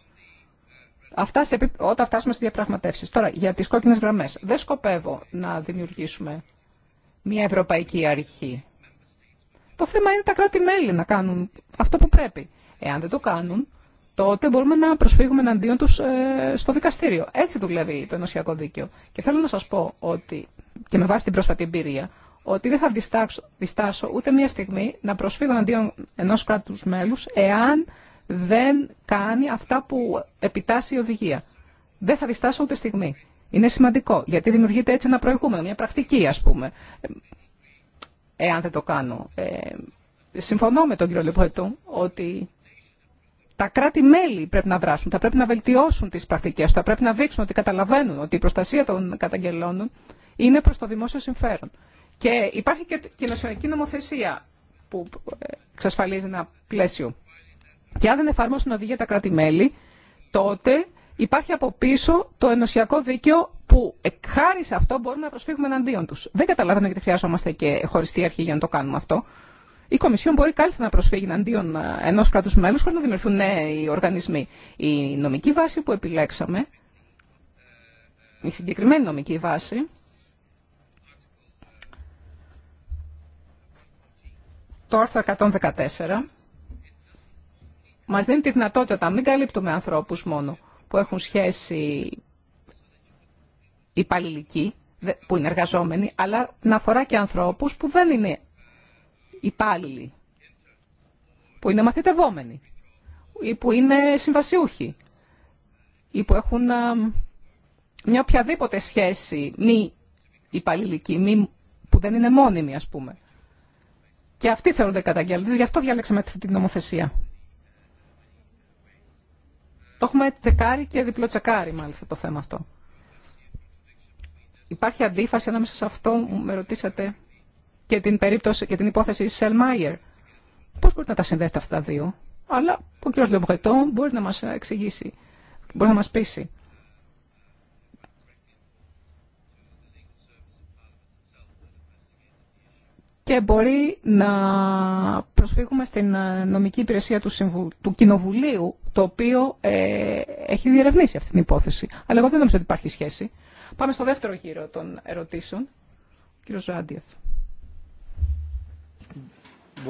C: Αυτά σε, όταν φτάσουμε στις διαπραγματεύσεις. Τώρα, για τις κόκκινες γραμμές. Δεν σκοπεύω να δημιουργήσουμε μια ευρωπαϊκή αρχή. Το θέμα είναι τα κράτη-μέλη να κάνουν αυτό που πρέπει. Εάν δεν το κάνουν, τότε μπορούμε να προσφύγουμε εναντίον τους ε, στο δικαστήριο. Έτσι δουλεύει το ενωσιακό δίκαιο. Και θέλω να σας πω ότι, και με βάση την πρόσφατη εμπειρία, ότι δεν θα διστάσω ούτε μία στιγμή να προσφύγω αντίον ενός κράτους μέλους εάν δεν κάνει αυτά που επιτάσσει η οδηγία. Δεν θα διστάσω ούτε στιγμή. Είναι σημαντικό, γιατί δημιουργείται έτσι ένα προηγούμενο, μια πρακτική ας πούμε, εάν δεν το κάνω. Ε, συμφωνώ με τον κύριο Λεποετού ότι τα κράτη-μέλη πρέπει να δράσουν, θα πρέπει να βελτιώσουν τις πρακτικές, θα πρέπει να δείξουν ότι καταλαβαίνουν ότι η προστασία των καταγγελώνων είναι προς το δημόσιο συμφέρον. Και υπάρχει και νοσιακή νομοθεσία που ε, εξασφαλίζει ένα πλαίσιο. Και αν δεν εφαρμόσουν οδηγία τα κράτη-μέλη, τότε υπάρχει από πίσω το ενωσιακό δίκαιο που ε, χάρη σε αυτό μπορούμε να προσφύγουμε εναντίον του. Δεν καταλαβαίνω γιατί χρειάζομαστε και χωριστή αρχή για να το κάνουμε αυτό. Η Κομισιόν μπορεί κάλλιστα να προσφύγει εναντίον ε, ενό κράτου μέλου χωρί να δημιουργηθούν νέοι οργανισμοί. Η νομική βάση που επιλέξαμε, η συγκεκριμένη νομική βάση, το άρθρο 114 μας δίνει τη δυνατότητα να μην καλύπτουμε ανθρώπους μόνο που έχουν σχέση υπαλληλική, που είναι εργαζόμενοι, αλλά να αφορά και ανθρώπους που δεν είναι υπάλληλοι, που είναι μαθητευόμενοι ή που είναι συμβασιούχοι ή που έχουν μια οποιαδήποτε σχέση μη υπαλληλική, μη, που δεν είναι μόνιμη ας πούμε. Και αυτοί θεωρούνται καταγγέλτε. γι' αυτό διάλεξαμε αυτή την νομοθεσία. Το έχουμε τσεκάρει και διπλότσεκάρει μάλιστα το θέμα αυτό. Υπάρχει αντίφαση ανάμεσα σε αυτό, με ρωτήσατε, και την, περίπτωση, και την υπόθεση Σελμάιερ. Πώς μπορείτε να τα συνδέσετε αυτά τα δύο. Αλλά ο κ. Λεμπρετό μπορεί να μα εξηγήσει, μπορεί να μα πείσει. και μπορεί να προσφύγουμε στην ε, νομική υπηρεσία του, Κοινοβουλίου, το οποίο ε, έχει διερευνήσει αυτή την υπόθεση. Αλλά εγώ δεν νομίζω ότι υπάρχει σχέση. Πάμε στο δεύτερο γύρο των ερωτήσεων. Κύριο Ράντιεφ.
A: Σας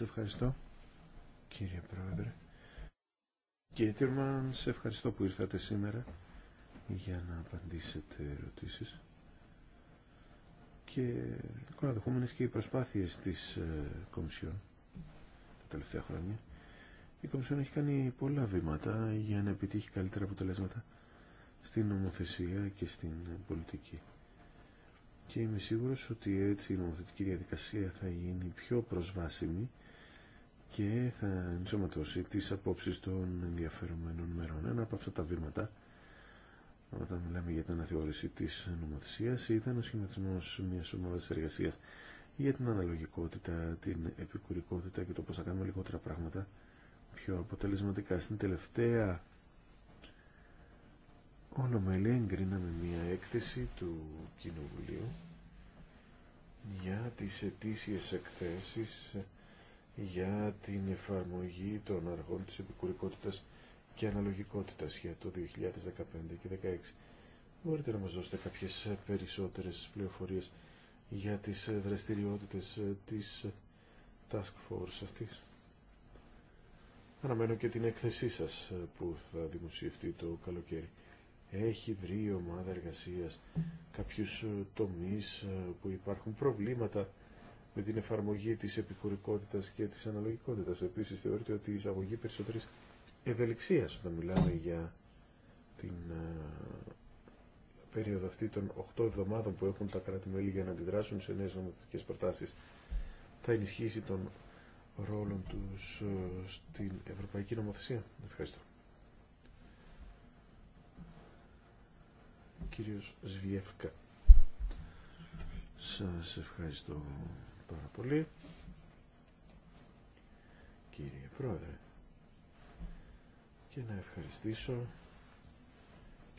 A: ευχαριστώ, κύριε Πρόεδρε. Κύριε Τίμερμανς, ευχαριστώ που ήρθατε σήμερα για να απαντήσετε ερωτήσεις και παραδοχόμενες και οι προσπάθειες της ε, Κομισιόν τα τελευταία χρόνια. Η Κομισιόν έχει κάνει πολλά βήματα για να επιτύχει καλύτερα αποτελέσματα στην νομοθεσία και στην πολιτική. Και είμαι σίγουρος ότι έτσι η νομοθετική διαδικασία θα γίνει πιο προσβάσιμη και θα ενσωματώσει τις απόψεις των ενδιαφερομένων μερών. Ένα από αυτά τα βήματα όταν μιλάμε για την αναθεώρηση της νομοθεσίας ήταν ο σχηματισμός μιας ομάδας εργασίας για την αναλογικότητα, την επικουρικότητα και το πώς θα κάνουμε λιγότερα πράγματα πιο αποτελεσματικά. Στην τελευταία ολομέλεια εγκρίναμε μια έκθεση του Κοινοβουλίου για τις αιτήσιε εκθέσεις για την εφαρμογή των αργών της επικουρικότητας και αναλογικότητα για το 2015 και 2016. Μπορείτε να μας δώσετε κάποιες περισσότερες πληροφορίες για τις δραστηριότητες της Task Force αυτής. Αναμένω και την έκθεσή σας που θα δημοσιευτεί το καλοκαίρι. Έχει βρει η ομάδα εργασίας κάποιους τομείς που υπάρχουν προβλήματα με την εφαρμογή της επικουρικότητας και της αναλογικότητας. Επίσης θεωρείται ότι η εισαγωγή περισσότερης ευελιξίας όταν μιλάμε για την ε, περίοδο αυτή των 8 εβδομάδων που έχουν τα κράτη-μέλη για να αντιδράσουν σε νέε νομοθετικέ προτάσει. θα ενισχύσει τον ρόλο του ε, στην Ευρωπαϊκή Νομοθεσία. Ευχαριστώ. Κύριος Σβιεύκα. Σας ευχαριστώ πάρα πολύ. Κύριε Πρόεδρε και να ευχαριστήσω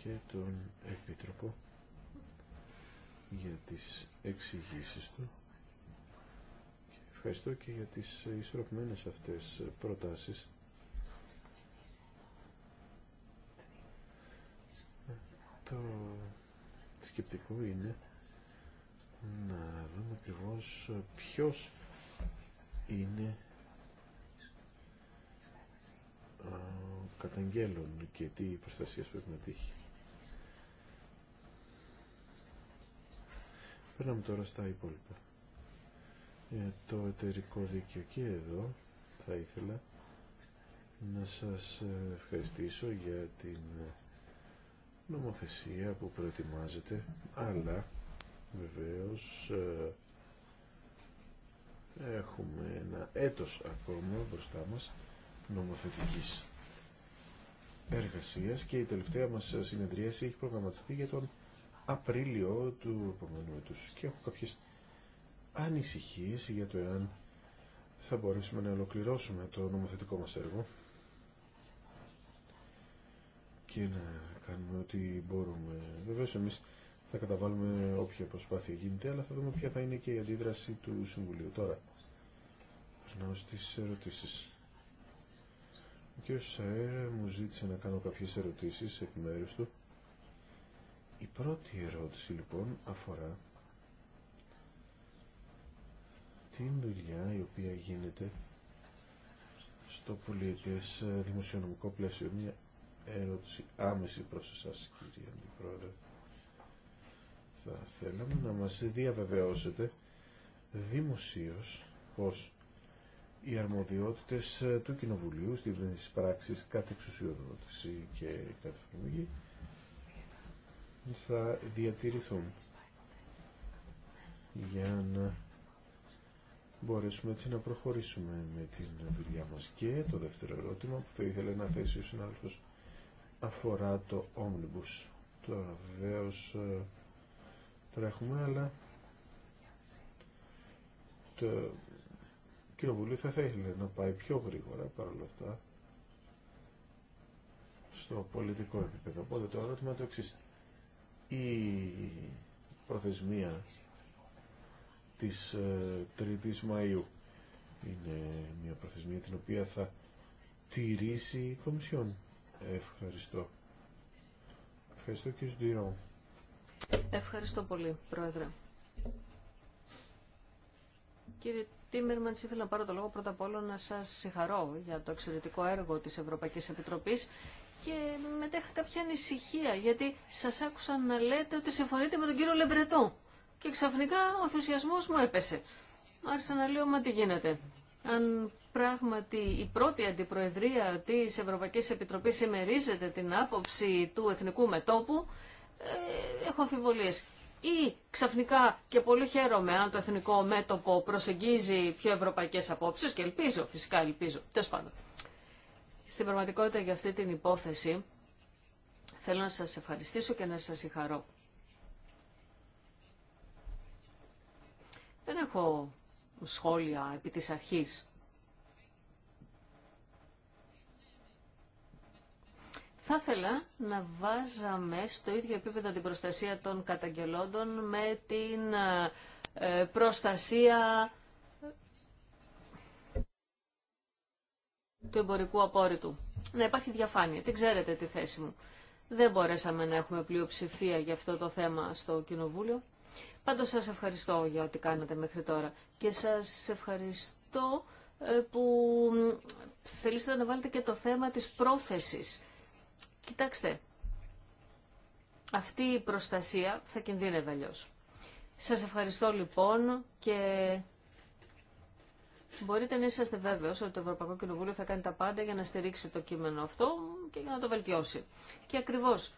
A: και τον Επίτροπο για τις εξηγήσει του και ευχαριστώ και για τις ισορροπημένες αυτές προτάσεις το σκεπτικό είναι να δούμε ακριβώ ποιος είναι καταγγέλων και τι προστασία πρέπει να τύχει. Περνάμε τώρα στα υπόλοιπα. Για το εταιρικό δίκαιο και εδώ θα ήθελα να σας ευχαριστήσω για την νομοθεσία που προετοιμάζεται, αλλά βεβαίως ε, έχουμε ένα έτος ακόμα μπροστά μας νομοθετικής εργασίας και η τελευταία μας συνεδρίαση έχει προγραμματιστεί για τον Απρίλιο του επόμενου έτους και έχω κάποιες ανησυχίες για το εάν θα μπορέσουμε να ολοκληρώσουμε το νομοθετικό μας έργο και να κάνουμε ό,τι μπορούμε. Βεβαίως εμείς θα καταβάλουμε όποια προσπάθεια γίνεται, αλλά θα δούμε ποια θα είναι και η αντίδραση του Συμβουλίου. Τώρα, περνάω στις ερωτήσεις. Ο κ. Σαέρα μου ζήτησε να κάνω κάποιες ερωτήσεις εκ μέρου του. Η πρώτη ερώτηση λοιπόν αφορά την δουλειά η οποία γίνεται στο πολιτέ ε, δημοσιονομικό πλαίσιο. Μια ερώτηση άμεση προς εσάς κύριε Αντιπρόεδρε. Θα θέλαμε να μας διαβεβαιώσετε δημοσίως πως οι αρμοδιότητες ε, του Κοινοβουλίου στις πράξεις κάθε εξουσιοδότηση και κάτι εφαρμογή θα διατηρηθούν για να μπορέσουμε έτσι να προχωρήσουμε με την δουλειά μας. Και το δεύτερο ερώτημα που θα ήθελε να θέσει ο αφορά το Omnibus. Τώρα βεβαίω τρέχουμε, αλλά Κοινοβουλίου θα θέλει να πάει πιο γρήγορα παρόλα αυτά στο πολιτικό επίπεδο. Οπότε το ερώτημα το εξή. Η προθεσμία της 3ης ε, Μαΐου είναι μια προθεσμία την οποία θα τηρήσει η Κομισιόν. Ευχαριστώ. Ευχαριστώ κύριε Σντουιρό.
B: Ευχαριστώ πολύ, Πρόεδρε. Κύριε Τίμερμαντ, ήθελα να πάρω το λόγο πρώτα απ' όλα να σα συγχαρώ για το εξαιρετικό έργο τη Ευρωπαϊκή Επιτροπή και μετέχα κάποια ανησυχία, γιατί σα άκουσα να λέτε ότι συμφωνείτε με τον κύριο Λεμπρετό. Και ξαφνικά ο ενθουσιασμό μου έπεσε. Άρχισα να λέω, μα τι γίνεται. Αν πράγματι η πρώτη αντιπροεδρία της Ευρωπαϊκής Επιτροπής ημερίζεται την άποψη του Εθνικού μετόπου, ε, έχω αμφιβολίες ή ξαφνικά και πολύ χαίρομαι αν το εθνικό μέτωπο προσεγγίζει πιο ευρωπαϊκές απόψεις και ελπίζω, φυσικά ελπίζω, Τέλο πάντων. Στην πραγματικότητα για αυτή την υπόθεση θέλω να σας ευχαριστήσω και να σας συγχαρώ. Δεν έχω σχόλια επί της αρχής. Θα ήθελα να βάζαμε στο ίδιο επίπεδο την προστασία των καταγγελόντων με την ε, ε, προστασία του εμπορικού απόρριτου. Να υπάρχει διαφάνεια. Τι ξέρετε τη θέση μου. Δεν μπορέσαμε να έχουμε πλειοψηφία για αυτό το θέμα στο Κοινοβούλιο. Πάντως σας ευχαριστώ για ό,τι κάνατε μέχρι τώρα. Και σας ευχαριστώ ε, που θελήσατε να βάλετε και το θέμα της πρόθεσης Κοιτάξτε, αυτή η προστασία θα κινδύνευε αλλιώ. Σας ευχαριστώ λοιπόν και μπορείτε να είσαστε βέβαιος ότι το Ευρωπαϊκό Κοινοβούλιο θα κάνει τα πάντα για να στηρίξει το κείμενο αυτό και για να το βελτιώσει. Και ακριβώς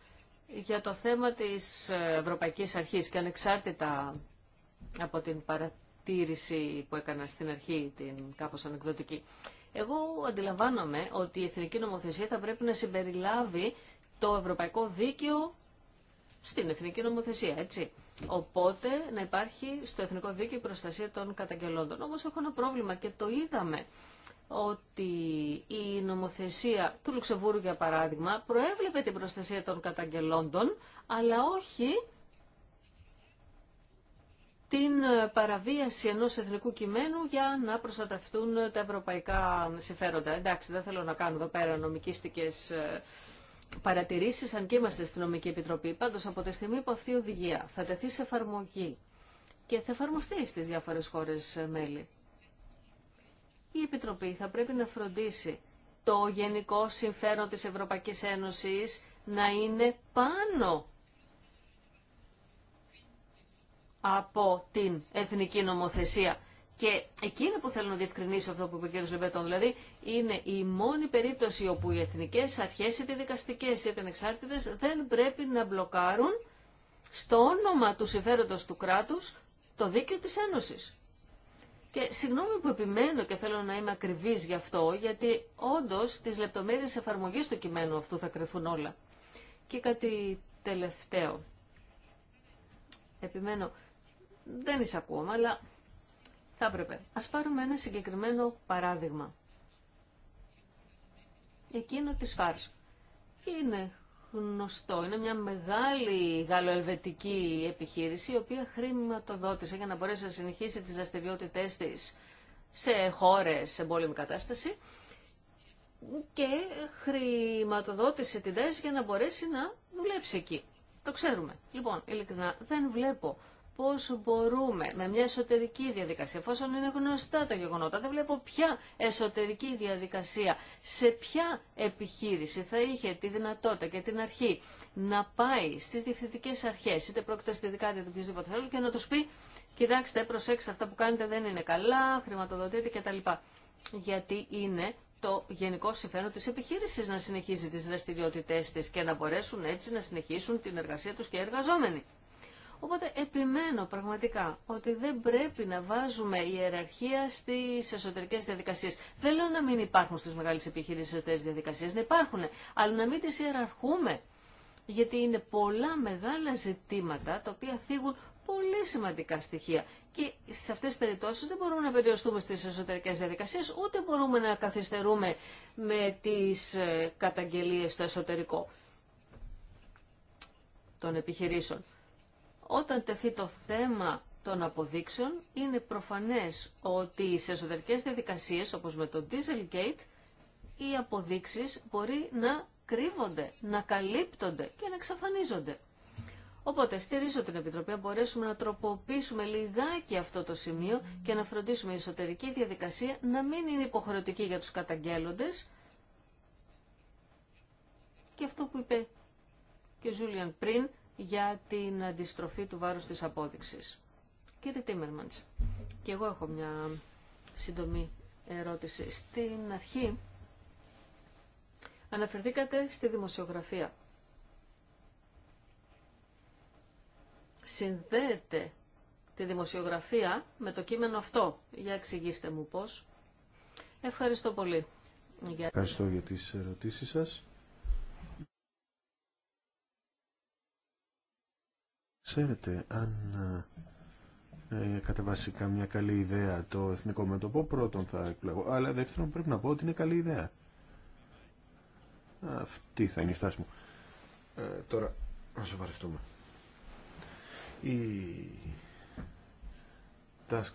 B: για το θέμα της Ευρωπαϊκής Αρχής και ανεξάρτητα από την παρατήρηση που έκανα στην αρχή, την κάπως ανεκδοτική. Εγώ αντιλαμβάνομαι ότι η εθνική νομοθεσία θα πρέπει να συμπεριλάβει το ευρωπαϊκό δίκαιο στην εθνική νομοθεσία, έτσι. Οπότε να υπάρχει στο εθνικό δίκαιο η προστασία των καταγγελόντων. Όμως έχω ένα πρόβλημα και το είδαμε ότι η νομοθεσία του Λουξεμβούργου, για παράδειγμα, προέβλεπε την προστασία των καταγγελόντων, αλλά όχι την ε, παραβίαση ενός εθνικού κειμένου για να προστατευτούν τα ευρωπαϊκά συμφέροντα. Εντάξει, δεν θέλω να κάνω εδώ πέρα νομικίστικες ε, παρατηρήσεις, αν και είμαστε στην Νομική Επιτροπή. Πάντως, από τη στιγμή που αυτή η οδηγία θα τεθεί σε εφαρμογή και θα εφαρμοστεί στις διάφορες χώρες ε, μέλη, η Επιτροπή θα πρέπει να φροντίσει το γενικό συμφέρον της Ευρωπαϊκής Ένωσης να είναι πάνω από την εθνική νομοθεσία. Και εκείνο που θέλω να διευκρινίσω αυτό που είπε ο κ. Λεμπέτον, δηλαδή, είναι η μόνη περίπτωση όπου οι εθνικέ αρχέ, είτε δικαστικέ είτε ανεξάρτητε, δεν πρέπει να μπλοκάρουν στο όνομα του συμφέροντο του κράτου το δίκαιο τη Ένωση. Και συγγνώμη που επιμένω και θέλω να είμαι ακριβή γι' αυτό, γιατί όντω τι λεπτομέρειε εφαρμογή του κειμένου αυτού θα κρυφούν όλα. Και κάτι τελευταίο. Επιμένω δεν ακόμα, αλλά θα έπρεπε. Ας πάρουμε ένα συγκεκριμένο παράδειγμα. Εκείνο της ΦΑΡΣ. Είναι γνωστό, είναι μια μεγάλη γαλλοελβετική επιχείρηση η οποία χρηματοδότησε για να μπορέσει να συνεχίσει τις δραστηριότητε της σε χώρες σε πόλεμη κατάσταση και χρηματοδότησε την ΤΕΣ για να μπορέσει να δουλέψει εκεί. Το ξέρουμε. Λοιπόν, ειλικρινά δεν βλέπω πώς μπορούμε με μια εσωτερική διαδικασία, εφόσον είναι γνωστά τα γεγονότα, δεν βλέπω ποια εσωτερική διαδικασία, σε ποια επιχείρηση θα είχε τη δυνατότητα και την αρχή να πάει στις διευθυντικές αρχές, είτε πρόκειται στη δικάτη του οποιοδήποτε θέλει και να τους πει, κοιτάξτε, προσέξτε, αυτά που κάνετε δεν είναι καλά, χρηματοδοτείτε κτλ. Γιατί είναι το γενικό συμφέρον της επιχείρησης να συνεχίζει τις δραστηριότητές της και να μπορέσουν έτσι να συνεχίσουν την εργασία τους και οι εργαζόμενοι. Οπότε επιμένω πραγματικά ότι δεν πρέπει να βάζουμε ιεραρχία στι εσωτερικέ διαδικασίε. Δεν λέω να μην υπάρχουν στις μεγάλες επιχειρήσει εσωτερικέ διαδικασίε, να υπάρχουν, αλλά να μην τι ιεραρχούμε. Γιατί είναι πολλά μεγάλα ζητήματα τα οποία θίγουν πολύ σημαντικά στοιχεία. Και σε αυτέ τι περιπτώσει δεν μπορούμε να περιοριστούμε στι εσωτερικέ διαδικασίε ούτε μπορούμε να καθυστερούμε με τι ε, καταγγελίε στο εσωτερικό των επιχειρήσεων. Όταν τεθεί το θέμα των αποδείξεων, είναι προφανές ότι σε εσωτερικές διαδικασίες, όπως με το Dieselgate, οι αποδείξεις μπορεί να κρύβονται, να καλύπτονται και να εξαφανίζονται. Οπότε στηρίζω την Επιτροπή να μπορέσουμε να τροποποιήσουμε λιγάκι αυτό το σημείο και να φροντίσουμε η εσωτερική διαδικασία να μην είναι υποχρεωτική για τους καταγγέλλοντες. Και αυτό που είπε και ο Ζούλιαν πριν, για την αντιστροφή του βάρους της απόδειξης. Κύριε Τίμερμαντς, και εγώ έχω μια σύντομη ερώτηση. Στην αρχή αναφερθήκατε στη δημοσιογραφία. Συνδέεται τη δημοσιογραφία με το κείμενο αυτό. Για εξηγήστε μου πώς. Ευχαριστώ πολύ. Ευχαριστώ
A: για τις ερωτήσεις σας. Ξέρετε, αν ε, ε, κατεβάσει καμιά καλή ιδέα το εθνικό μέτωπο, πρώτον θα εκπλαγώ. Αλλά δεύτερον πρέπει να πω ότι είναι καλή ιδέα. Αυτή θα είναι η στάση μου. Ε, τώρα, να σοβαρευτούμε. Η Task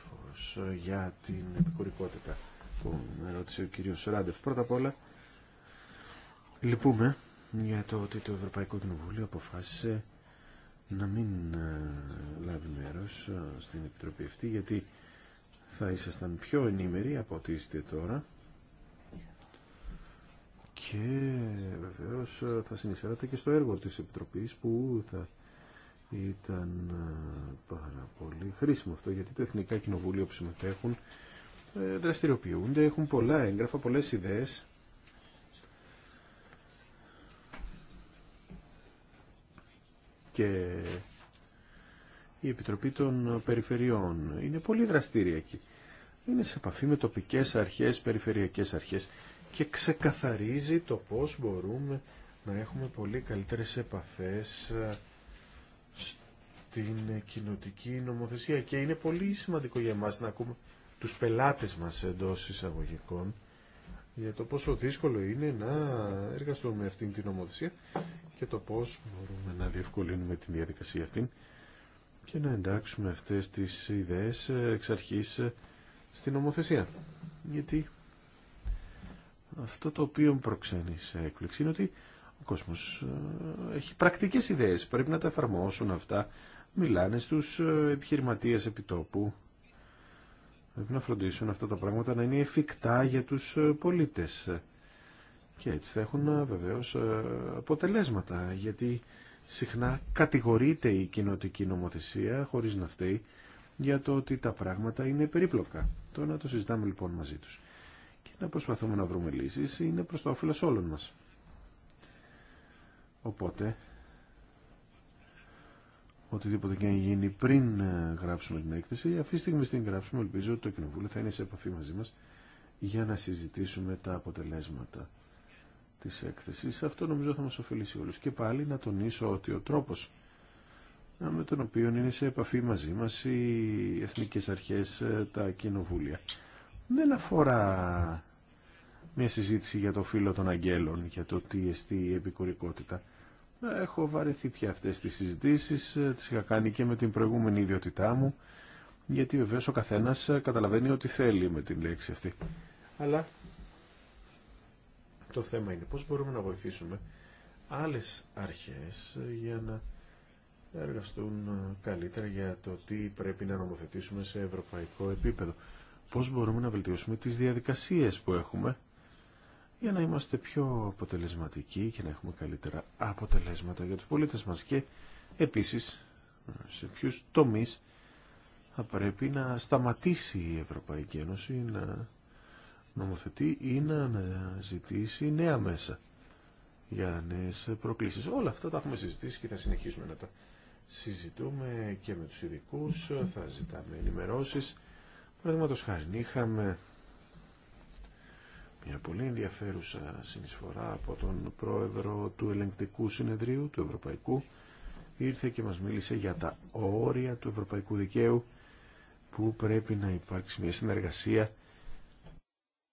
A: για την επικουρικότητα που με ρώτησε ο κύριος Ράντεφ. Πρώτα απ' όλα, λυπούμε για το ότι το Ευρωπαϊκό Κοινοβούλιο αποφάσισε να μην ε, λάβει μέρος ε, στην Επιτροπή αυτή γιατί θα ήσασταν πιο ενήμεροι από ό,τι είστε τώρα και βεβαίως ε, θα συνεισφέρατε και στο έργο της Επιτροπής που θα ήταν πάρα πολύ χρήσιμο αυτό γιατί τα Εθνικά Κοινοβούλια που συμμετέχουν δραστηριοποιούνται, έχουν πολλά έγγραφα, πολλές ιδέες και η Επιτροπή των Περιφερειών. Είναι πολύ δραστήρια εκεί. Είναι σε επαφή με τοπικές αρχές, περιφερειακές αρχές και ξεκαθαρίζει το πώς μπορούμε να έχουμε πολύ καλύτερες επαφές ε, στην κοινοτική νομοθεσία και είναι πολύ σημαντικό για μας να ακούμε τους πελάτες μας εντός εισαγωγικών για το πόσο δύσκολο είναι να εργαστούμε αυτή την νομοθεσία και το πώς μπορούμε να διευκολύνουμε την διαδικασία αυτή και να εντάξουμε αυτές τις ιδέες ε, εξ αρχής ε, στην ομοθέσια Γιατί αυτό το οποίο προξένει σε έκπληξη είναι ότι ο κόσμος ε, έχει πρακτικές ιδέες. Πρέπει να τα εφαρμόσουν αυτά. Μιλάνε στους επιχειρηματίες επιτόπου Πρέπει να φροντίσουν αυτά τα πράγματα να είναι εφικτά για τους ε, πολίτες. Και έτσι θα έχουν ε, βεβαίως ε, αποτελέσματα, γιατί συχνά κατηγορείται η κοινοτική νομοθεσία, χωρίς να φταίει, για το ότι τα πράγματα είναι περίπλοκα. Το να το συζητάμε λοιπόν μαζί τους. Και να προσπαθούμε να βρούμε λύσεις είναι προς το όφελος όλων μας. Οπότε οτιδήποτε και αν γίνει πριν ε, γράψουμε την έκθεση. Αυτή τη στιγμή στην γράψουμε, ελπίζω ότι το Κοινοβούλιο θα είναι σε επαφή μαζί μας για να συζητήσουμε τα αποτελέσματα της έκθεσης. Αυτό νομίζω θα μας ωφελήσει όλους. Και πάλι να τονίσω ότι ο τρόπος ε, με τον οποίο είναι σε επαφή μαζί μας οι εθνικές αρχές, ε, τα κοινοβούλια, δεν αφορά μια συζήτηση για το φύλλο των αγγέλων, για το τι εστί η επικουρικότητα. Έχω βαρεθεί πια αυτές τις συζητήσεις, ε, τις είχα κάνει και με την προηγούμενη ιδιότητά μου, γιατί βεβαίως ο καθένας ε, καταλαβαίνει ότι θέλει με την λέξη αυτή. Αλλά το θέμα είναι πώς μπορούμε να βοηθήσουμε άλλες αρχές ε, για να εργαστούν καλύτερα για το τι πρέπει να νομοθετήσουμε σε ευρωπαϊκό επίπεδο. Πώς μπορούμε να βελτιώσουμε τις διαδικασίες που έχουμε για να είμαστε πιο αποτελεσματικοί και να έχουμε καλύτερα αποτελέσματα για τους πολίτες μας και επίσης σε ποιους τομείς θα πρέπει να σταματήσει η Ευρωπαϊκή Ένωση να νομοθετεί ή να ζητήσει νέα μέσα για νέες προκλήσεις. Όλα αυτά τα έχουμε συζητήσει και θα συνεχίσουμε να τα συζητούμε και με τους ειδικού, θα ζητάμε ενημερώσεις. Παραδείγματος χάρη είχαμε μια πολύ ενδιαφέρουσα συνεισφορά από τον πρόεδρο του ελεγκτικού συνεδρίου του Ευρωπαϊκού ήρθε και μας μίλησε για τα όρια του Ευρωπαϊκού Δικαίου που πρέπει να υπάρξει μια συνεργασία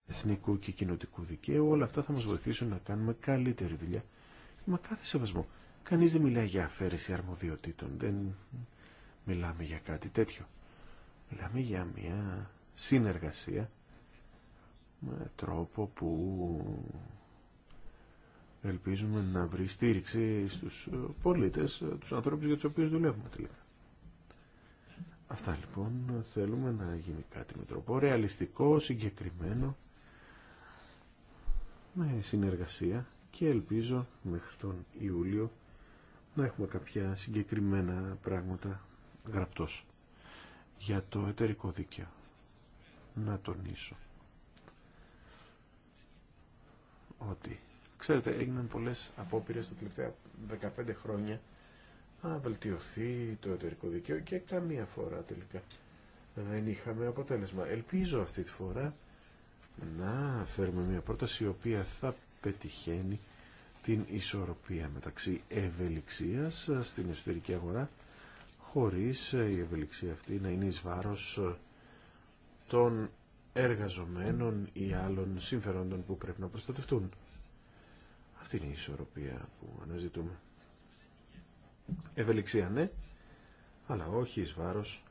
A: εθνικού και κοινοτικού δικαίου. Όλα αυτά θα μας βοηθήσουν να κάνουμε καλύτερη δουλειά. Μα κάθε σεβασμό. Κανείς δεν μιλάει για αφαίρεση αρμοδιοτήτων. Δεν μιλάμε για κάτι τέτοιο. Μιλάμε για μια συνεργασία με τρόπο που ελπίζουμε να βρει στήριξη στους πολίτες, τους ανθρώπους για τους οποίους δουλεύουμε τελικά. Αυτά λοιπόν θέλουμε να γίνει κάτι με τρόπο ρεαλιστικό, συγκεκριμένο, με συνεργασία και ελπίζω μέχρι τον Ιούλιο να έχουμε κάποια συγκεκριμένα πράγματα γραπτός για το εταιρικό δίκαιο. Να τονίσω ότι, ξέρετε, έγιναν πολλές απόπειρες τα τελευταία 15 χρόνια να βελτιωθεί το εταιρικό δίκαιο και καμία φορά τελικά δεν είχαμε αποτέλεσμα. Ελπίζω αυτή τη φορά να φέρουμε μια πρόταση η οποία θα πετυχαίνει την ισορροπία μεταξύ ευελιξίας στην εσωτερική αγορά χωρίς η ευελιξία αυτή να είναι εις βάρος των εργαζομένων ή άλλων συμφερόντων που πρέπει να προστατευτούν. Αυτή είναι η ισορροπία που αναζητούμε. Ευελιξία ναι, αλλά όχι εις βάρος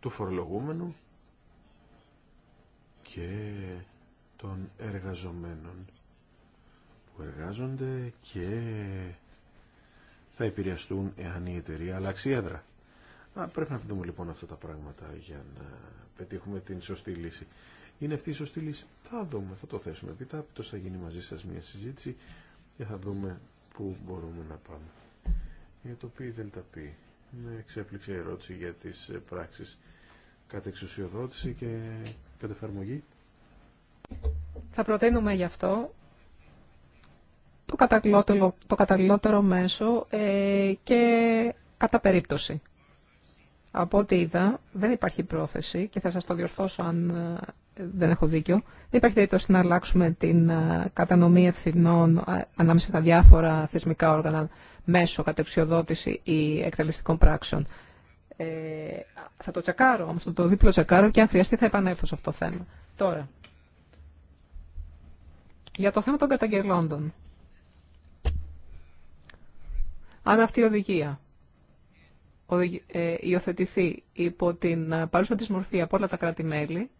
A: του φορολογούμενου και των εργαζομένων που εργάζονται και θα επηρεαστούν εάν η εταιρεία αλλάξει έδρα. Πρέπει να δούμε λοιπόν αυτά τα πράγματα για να πετύχουμε την σωστή λύση. Είναι αυτή η σωστή λύση. Θα δούμε, θα το θέσουμε τόσο θα γίνει μαζί σας μια συζήτηση και θα δούμε πού μπορούμε να πάμε. Για το πι δελτα πι. Με εξέπληξε η ερώτηση για τις πράξεις κατά εξουσιοδότηση και κατά εφαρμογή.
C: Θα προτείνουμε γι' αυτό το καταλληλότερο, το μέσο ε, και κατά περίπτωση. Από ό,τι είδα, δεν υπάρχει πρόθεση και θα σας το διορθώσω αν ε, δεν έχω δίκιο. Δεν υπάρχει περίπτωση να αλλάξουμε την ε, κατανομή ευθυνών ε, ανάμεσα στα διάφορα θεσμικά όργανα μέσω κατεξιοδότηση ή εκτελεστικών πράξεων. Ε, θα το τσεκάρω, όμως θα το δίπλο τσεκάρω και αν χρειαστεί θα επανέλθω σε αυτό το θέμα. Τώρα, για το θέμα των καταγγελόντων. Αν αυτή η οδηγία ε, υιοθετηθεί υπό την ε, παρούσα της μορφή από όλα τα κράτη-μέλη,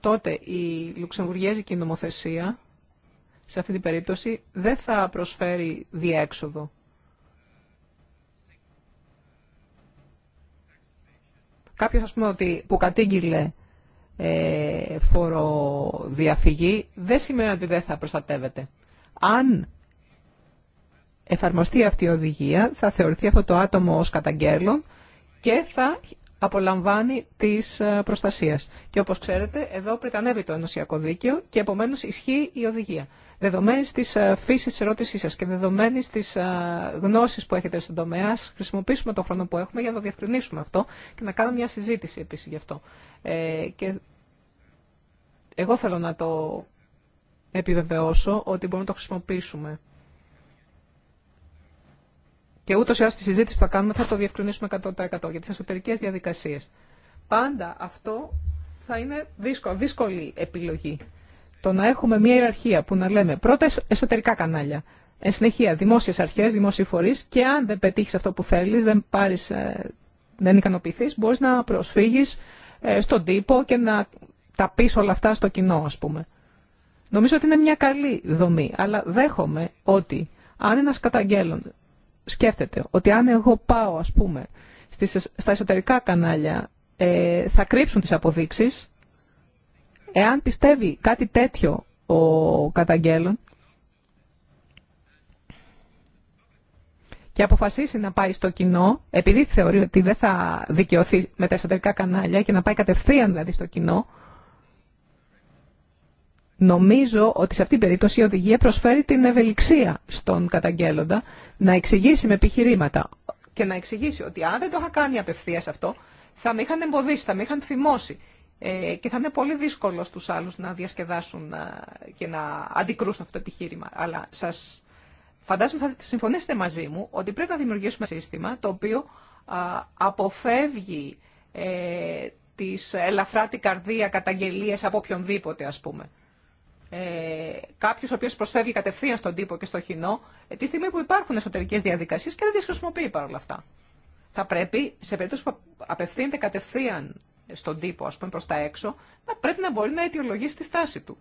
C: τότε η λουξεμβουργέζικη νομοθεσία σε αυτή την περίπτωση δεν θα προσφέρει διέξοδο. Κάποιος ας πούμε ότι που κατήγγειλε ε, φοροδιαφυγή δεν σημαίνει ότι δεν θα προστατεύεται. Αν εφαρμοστεί αυτή η οδηγία, θα θεωρηθεί αυτό το άτομο ως καταγγέλλον και θα απολαμβάνει τις ε, προστασίες. Και όπως ξέρετε, εδώ πριτανεύει το ενωσιακό δίκαιο και επομένως ισχύει η οδηγία. Δεδομένης της ε, φύσης της ερώτησής σας και δεδομένης της ε, γνώσης που έχετε στον τομέα, χρησιμοποιήσουμε τον χρόνο που έχουμε για να το διευκρινίσουμε αυτό και να κάνουμε μια συζήτηση επίσης γι' αυτό. Ε, και εγώ θέλω να το επιβεβαιώσω ότι μπορούμε να το χρησιμοποιήσουμε και ούτω ή άλλω στη συζήτηση που θα κάνουμε θα το διευκρινίσουμε 100% για τι εσωτερικέ διαδικασίε. Πάντα αυτό θα είναι δύσκολη επιλογή. Το να έχουμε μια ιεραρχία που να λέμε πρώτα εσωτερικά κανάλια, εν συνεχεία δημόσιε αρχέ, δημόσιοι φορεί και αν δεν πετύχει αυτό που θέλει, δεν, πάρεις, ε, δεν ικανοποιηθεί, μπορεί να προσφύγει ε, στον τύπο και να τα πει όλα αυτά στο κοινό, α πούμε. Νομίζω ότι είναι μια καλή δομή, αλλά δέχομαι ότι αν ένα καταγγέλλον σκέφτεται ότι αν εγώ πάω, ας πούμε, στις, στα εσωτερικά κανάλια, ε, θα κρύψουν τις αποδείξεις, εάν πιστεύει κάτι τέτοιο ο καταγγέλων και αποφασίσει να πάει στο κοινό, επειδή θεωρεί ότι δεν θα δικαιωθεί με τα εσωτερικά κανάλια και να πάει κατευθείαν δηλαδή στο κοινό, Νομίζω ότι σε αυτή την περίπτωση η οδηγία προσφέρει την ευελιξία στον καταγγέλλοντα να εξηγήσει με επιχειρήματα και να εξηγήσει ότι αν δεν το είχα κάνει απευθεία αυτό, θα με είχαν εμποδίσει, θα με είχαν θυμώσει ε, και θα είναι πολύ δύσκολο στου άλλου να διασκεδάσουν ε, και να αντικρούσουν αυτό το επιχείρημα. Αλλά σα φαντάζομαι θα συμφωνήσετε μαζί μου ότι πρέπει να δημιουργήσουμε ένα σύστημα το οποίο αποφεύγει ε, τις ελαφρά την καρδία καταγγελίε από οποιονδήποτε α πούμε ε, κάποιο ο οποίο προσφεύγει κατευθείαν στον τύπο και στο χοινό, ε, τη στιγμή που υπάρχουν εσωτερικέ διαδικασίε και δεν τι χρησιμοποιεί παρόλα αυτά. Θα πρέπει, σε περίπτωση που απευθύνεται κατευθείαν στον τύπο, α πούμε, προ τα έξω, να πρέπει να μπορεί να αιτιολογήσει τη στάση του.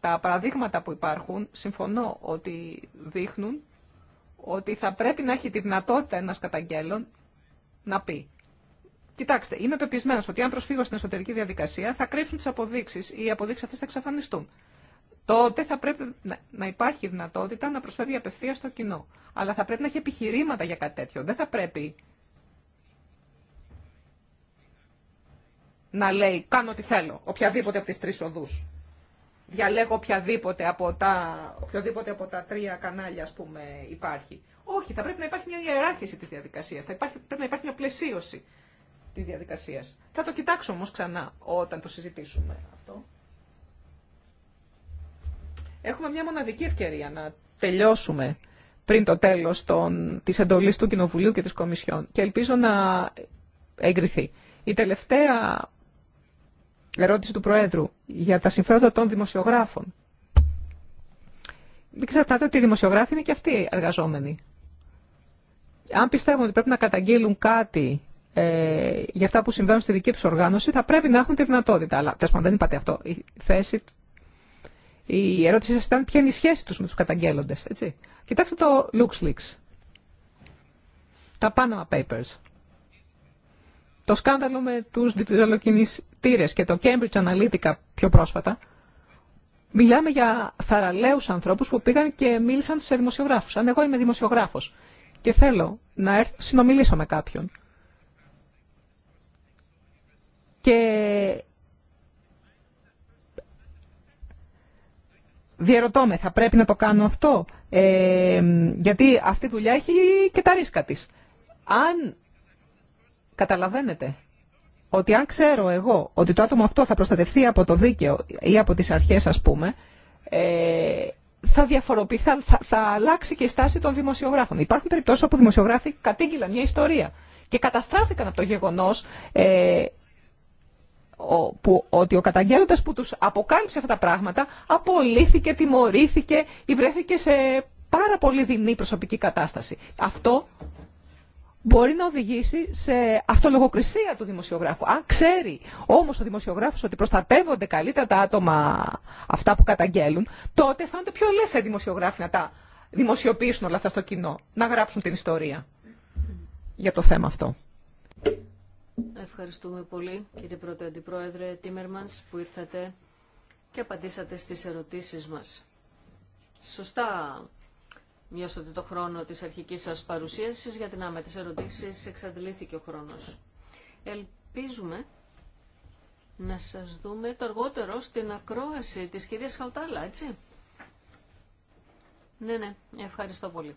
C: Τα παραδείγματα που υπάρχουν, συμφωνώ ότι δείχνουν ότι θα πρέπει να έχει τη δυνατότητα ένας καταγγέλων να πει Κοιτάξτε, είμαι πεπισμένο ότι αν προσφύγω στην εσωτερική διαδικασία θα κρύψουν τι αποδείξει ή οι αποδείξει αυτέ θα εξαφανιστούν. Τότε θα πρέπει να υπάρχει δυνατότητα να προσφεύγει απευθεία στο κοινό. Αλλά θα πρέπει να έχει επιχειρήματα για κάτι τέτοιο. Δεν θα πρέπει να λέει κάνω ό,τι θέλω, οποιαδήποτε από τι τρει οδού. Διαλέγω οποιαδήποτε από τα, οποιοδήποτε από τα τρία κανάλια ας πούμε υπάρχει. Όχι, θα πρέπει να υπάρχει μια ιεράρχηση της διαδικασίας, θα υπάρχει, πρέπει να υπάρχει μια πλαισίωση της διαδικασίας. Θα το κοιτάξω όμως ξανά όταν το συζητήσουμε αυτό. Έχουμε μια μοναδική ευκαιρία να τελειώσουμε πριν το τέλος των, της εντολής του Κοινοβουλίου και της Κομισιόν και ελπίζω να εγκριθεί. Η τελευταία ερώτηση του Προέδρου για τα συμφέροντα των δημοσιογράφων. Μην ξεχνάτε ότι οι δημοσιογράφοι είναι και αυτοί εργαζόμενοι. Αν πιστεύουν ότι πρέπει να καταγγείλουν κάτι ε, για αυτά που συμβαίνουν στη δική του οργάνωση, θα πρέπει να έχουν τη δυνατότητα. Αλλά τέλο πάντων δεν είπατε αυτό. Η, θέση, η ερώτησή σα ήταν ποια είναι η σχέση του με του καταγγέλλοντε. Κοιτάξτε το LuxLeaks. Τα Panama Papers. Το σκάνδαλο με του διτζαλοκινητήρε και το Cambridge Analytica πιο πρόσφατα. Μιλάμε για θαραλέους ανθρώπους που πήγαν και μίλησαν σε δημοσιογράφους. Αν εγώ είμαι δημοσιογράφος και θέλω να συνομιλήσω με κάποιον, και διαρωτώ με, θα πρέπει να το κάνω αυτό, ε, γιατί αυτή η δουλειά έχει και τα ρίσκα της. Αν καταλαβαίνετε ότι αν ξέρω εγώ ότι το άτομο αυτό θα προστατευτεί από το δίκαιο ή από τις αρχές ας πούμε, ε, θα διαφοροποιηθεί, θα, αλλάξει και η στάση των δημοσιογράφων. Υπάρχουν περιπτώσεις όπου δημοσιογράφοι κατήγγυλαν μια ιστορία και καταστράφηκαν από το γεγονός ε, που, ότι ο καταγγέλλοντας που τους αποκάλυψε αυτά τα πράγματα απολύθηκε, τιμωρήθηκε ή βρέθηκε σε πάρα πολύ δεινή προσωπική κατάσταση. Αυτό μπορεί να οδηγήσει σε αυτολογοκρισία του δημοσιογράφου. Αν ξέρει όμως ο δημοσιογράφος ότι προστατεύονται καλύτερα τα άτομα αυτά που καταγγέλουν, τότε αισθάνονται πιο ελεύθεροι δημοσιογράφοι να τα δημοσιοποιήσουν όλα αυτά στο κοινό, να γράψουν την ιστορία για το θέμα αυτό.
B: Ευχαριστούμε πολύ κύριε Πρώτη Αντιπρόεδρε Τίμερμανς που ήρθατε και απαντήσατε στις ερωτήσεις μας. Σωστά μειώσατε το χρόνο της αρχικής σας παρουσίασης γιατί να με τις ερωτήσεις εξαντλήθηκε ο χρόνος. Ελπίζουμε να σας δούμε το αργότερο στην ακρόαση της κυρίας Χαουτάλα, έτσι. Ναι, ναι, ευχαριστώ πολύ.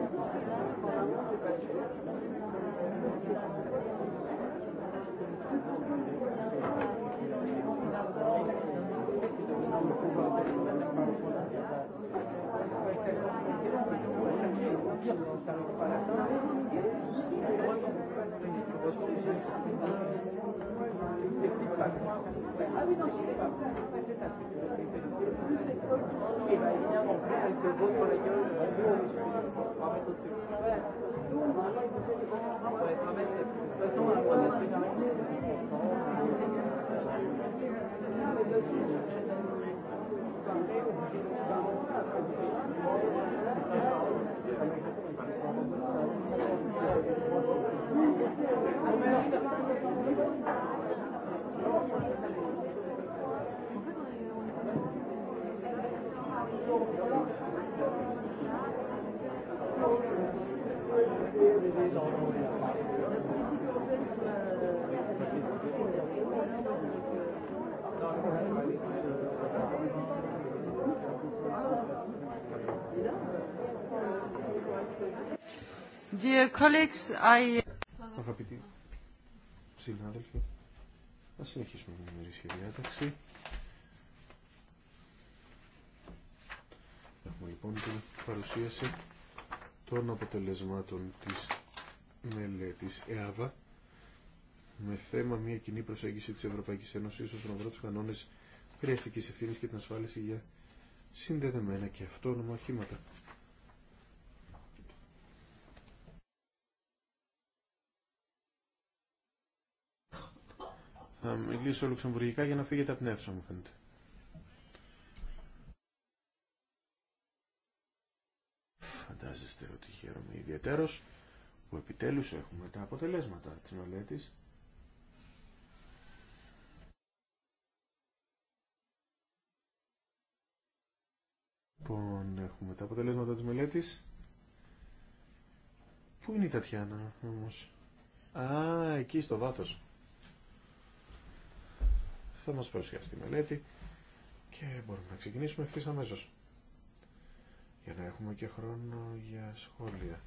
A: Αγαπητοί συνάδελφοι, θα συνεχίσουμε με την ημερήσια διάταξη. Έχουμε λοιπόν την παρουσίαση των αποτελεσμάτων της μελέτης ΕΑΒΑ με θέμα μια κοινή προσέγγιση της Ευρωπαϊκής Ένωσης όσον αφορά τους κανόνες χρειαστικής ευθύνης και την ασφάλιση για συνδεδεμένα και αυτόνομα οχήματα. Θα μιλήσω λουξεμβουργικά για να φύγετε από την αίθουσα μου φαίνεται. Φαντάζεστε ότι χαίρομαι ιδιαίτερος που επιτέλους έχουμε τα αποτελέσματα της μελέτης. Λοιπόν, έχουμε τα αποτελέσματα της μελέτης. Πού είναι η Τατιάνα όμως. Α, εκεί στο βάθος θα μας παρουσιάσει τη μελέτη και μπορούμε να ξεκινήσουμε ευθύ αμέσω. Για να έχουμε και χρόνο για σχόλια.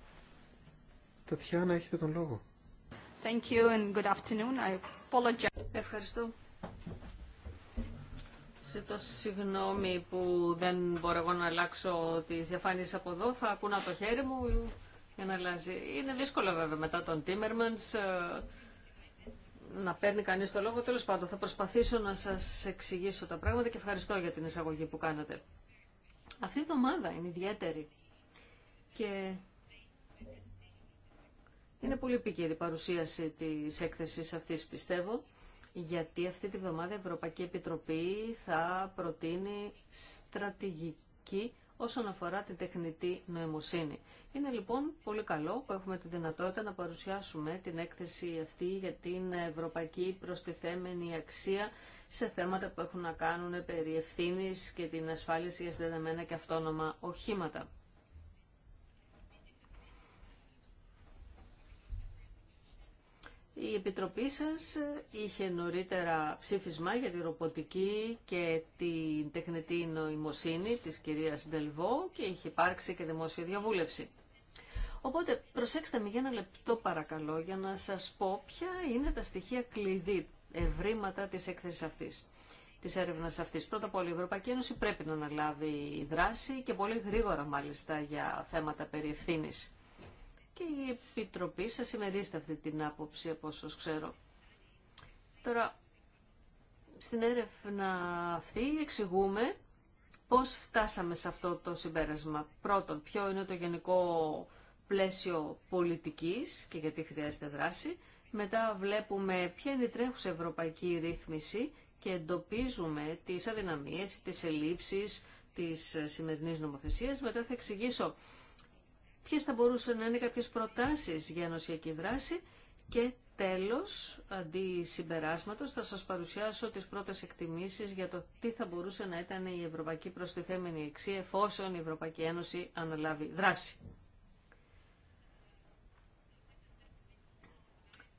A: Τατιάνα, έχετε τον λόγο.
D: Thank you and good afternoon. I
B: apologize. Ευχαριστώ. συγγνώμη που δεν μπορώ εγώ να αλλάξω τις διαφάνειες από εδώ. Θα ακούνα το χέρι μου για να αλλάζει. Είναι δύσκολο βέβαια μετά τον Τίμερμανς ε, να παίρνει κανείς το λόγο. Τέλος πάντων, θα προσπαθήσω να σας εξηγήσω τα πράγματα και ευχαριστώ για την εισαγωγή που κάνατε. Αυτή η εβδομάδα είναι ιδιαίτερη και είναι πολύ επίκαιρη η παρουσίαση της έκθεσης αυτής, πιστεύω, γιατί αυτή τη βδομάδα η Ευρωπαϊκή Επιτροπή θα προτείνει στρατηγική όσον αφορά την τεχνητή νοημοσύνη. Είναι λοιπόν πολύ καλό που έχουμε τη δυνατότητα να παρουσιάσουμε την έκθεση αυτή για την ευρωπαϊκή προστιθέμενη αξία σε θέματα που έχουν να κάνουν περί ευθύνης και την ασφάλιση για συνδεδεμένα και αυτόνομα οχήματα. Η Επιτροπή σας είχε νωρίτερα ψήφισμα για τη ρομποτική και την τεχνητή νοημοσύνη της κυρίας Δελβό και είχε υπάρξει και δημόσια διαβούλευση. Οπότε προσέξτε με για ένα λεπτό παρακαλώ για να σας πω ποια είναι τα στοιχεία κλειδί ευρήματα της έκθεσης αυτής. Τη έρευνα αυτή. Πρώτα απ' όλα, η Ευρωπαϊκή Ένωση πρέπει να αναλάβει δράση και πολύ γρήγορα μάλιστα για θέματα ευθύνης και η Επιτροπή σας ημερίζεται αυτή την άποψη από όσο ξέρω. Τώρα, στην έρευνα αυτή εξηγούμε πώς φτάσαμε σε αυτό το συμπέρασμα. Πρώτον, ποιο είναι το γενικό πλαίσιο πολιτικής και γιατί χρειάζεται δράση. Μετά βλέπουμε ποια είναι η τρέχουσα ευρωπαϊκή ρύθμιση και εντοπίζουμε τις αδυναμίες, τις ελλείψεις της σημερινής νομοθεσίας. Μετά θα εξηγήσω ποιες θα μπορούσαν να είναι κάποιες προτάσεις για ενωσιακή δράση και τέλος, αντί συμπεράσματος, θα σας παρουσιάσω τις πρώτες εκτιμήσεις για το τι θα μπορούσε να ήταν η Ευρωπαϊκή Προστιθέμενη Εξή εφόσον η Ευρωπαϊκή Ένωση αναλάβει δράση.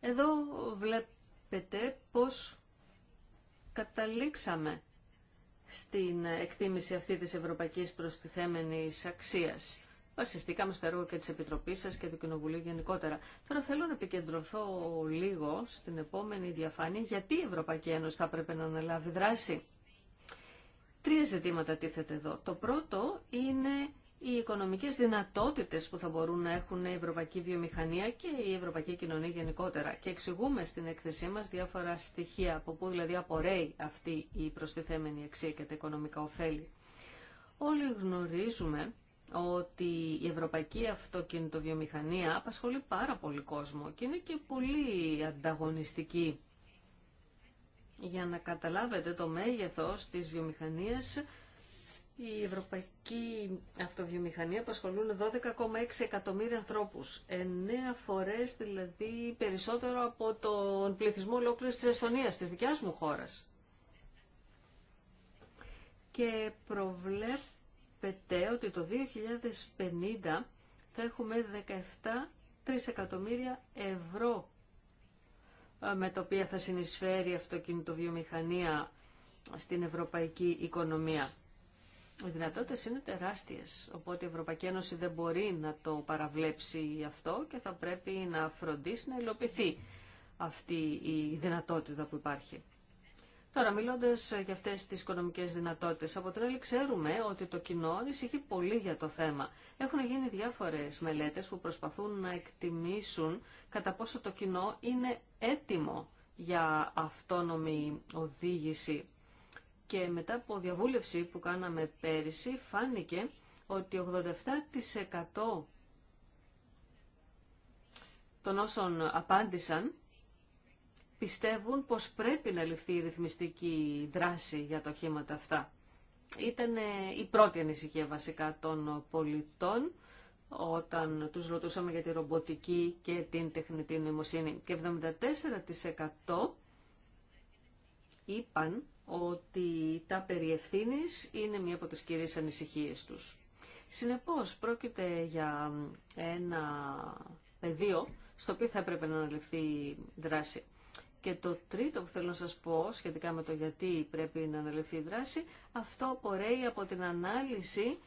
B: Εδώ βλέπετε πώς καταλήξαμε στην εκτίμηση αυτή της ευρωπαϊκής προστιθέμενης αξίας βασιστήκαμε στο έργο και της Επιτροπής σας και του Κοινοβουλίου γενικότερα. Τώρα θέλω να επικεντρωθώ λίγο στην επόμενη διαφάνεια γιατί η Ευρωπαϊκή Ένωση θα πρέπει να αναλάβει δράση. Τρία ζητήματα τίθεται εδώ. Το πρώτο είναι οι οικονομικές δυνατότητες που θα μπορούν να έχουν η ευρωπαϊκή βιομηχανία και η ευρωπαϊκή κοινωνία γενικότερα. Και εξηγούμε στην έκθεσή μας διάφορα στοιχεία από πού δηλαδή απορρέει αυτή η προστιθέμενη αξία και τα οικονομικά ωφέλη. Όλοι γνωρίζουμε ότι η ευρωπαϊκή αυτοκινητοβιομηχανία απασχολεί πάρα πολύ κόσμο και είναι και πολύ ανταγωνιστική. Για να καταλάβετε το μέγεθος της βιομηχανίας, η ευρωπαϊκή αυτοβιομηχανία απασχολούν 12,6 εκατομμύρια ανθρώπους. 9 φορές δηλαδή περισσότερο από τον πληθυσμό ολόκληρη της Εσθονίας, της δικιάς μου χώρας. Και προβλέπω ότι το 2050 θα έχουμε 17 τρισεκατομμύρια ευρώ ε, με το οποίο θα συνεισφέρει η αυτοκινητοβιομηχανία στην ευρωπαϊκή οικονομία. Οι δυνατότητες είναι τεράστιες, οπότε η Ευρωπαϊκή Ένωση δεν μπορεί να το παραβλέψει αυτό και θα πρέπει να φροντίσει να υλοποιηθεί αυτή η δυνατότητα που υπάρχει. Τώρα, μιλώντα για αυτέ τι οικονομικέ δυνατότητε, από την ξέρουμε ότι το κοινό ανησυχεί πολύ για το θέμα. Έχουν γίνει διάφορε μελέτε που προσπαθούν να εκτιμήσουν κατά πόσο το κοινό είναι έτοιμο για αυτόνομη οδήγηση. Και μετά από διαβούλευση που κάναμε πέρυσι, φάνηκε ότι 87% των όσων απάντησαν πιστεύουν πως πρέπει να ληφθεί η ρυθμιστική δράση για τα οχήματα αυτά. Ήταν ε, η πρώτη ανησυχία βασικά των πολιτών όταν τους ρωτούσαμε για τη ρομποτική και την τεχνητή νοημοσύνη. Και 74% είπαν ότι τα περιευθύνης είναι μία από τις κυρίες ανησυχίες τους. Συνεπώς, πρόκειται για ένα πεδίο στο οποίο θα έπρεπε να αναλυφθεί δράση. Και το τρίτο που θέλω να σας πω σχετικά με το γιατί πρέπει να αναλυθεί η δράση, αυτό απορρέει από την ανάλυση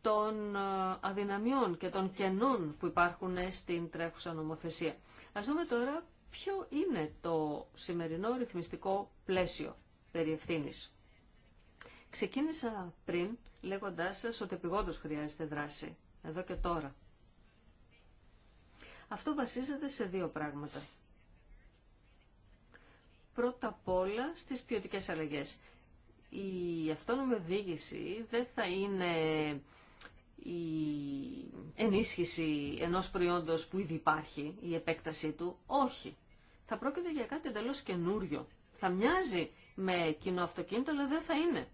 B: των ε, αδυναμιών και των κενών που υπάρχουν στην τρέχουσα νομοθεσία. Ας δούμε τώρα ποιο είναι το σημερινό ρυθμιστικό πλαίσιο περί Ξεκίνησα πριν λέγοντάς σας ότι επιγόντως χρειάζεται δράση, εδώ και τώρα. Αυτό βασίζεται σε δύο πράγματα πρώτα απ' όλα στις ποιοτικέ αλλαγές. Η αυτόνομη οδήγηση δεν θα είναι η ενίσχυση ενός προϊόντος που ήδη υπάρχει, η επέκτασή του. Όχι. Θα πρόκειται για κάτι εντελώ καινούριο. Θα μοιάζει με κοινό αυτοκίνητο, αλλά δεν θα είναι.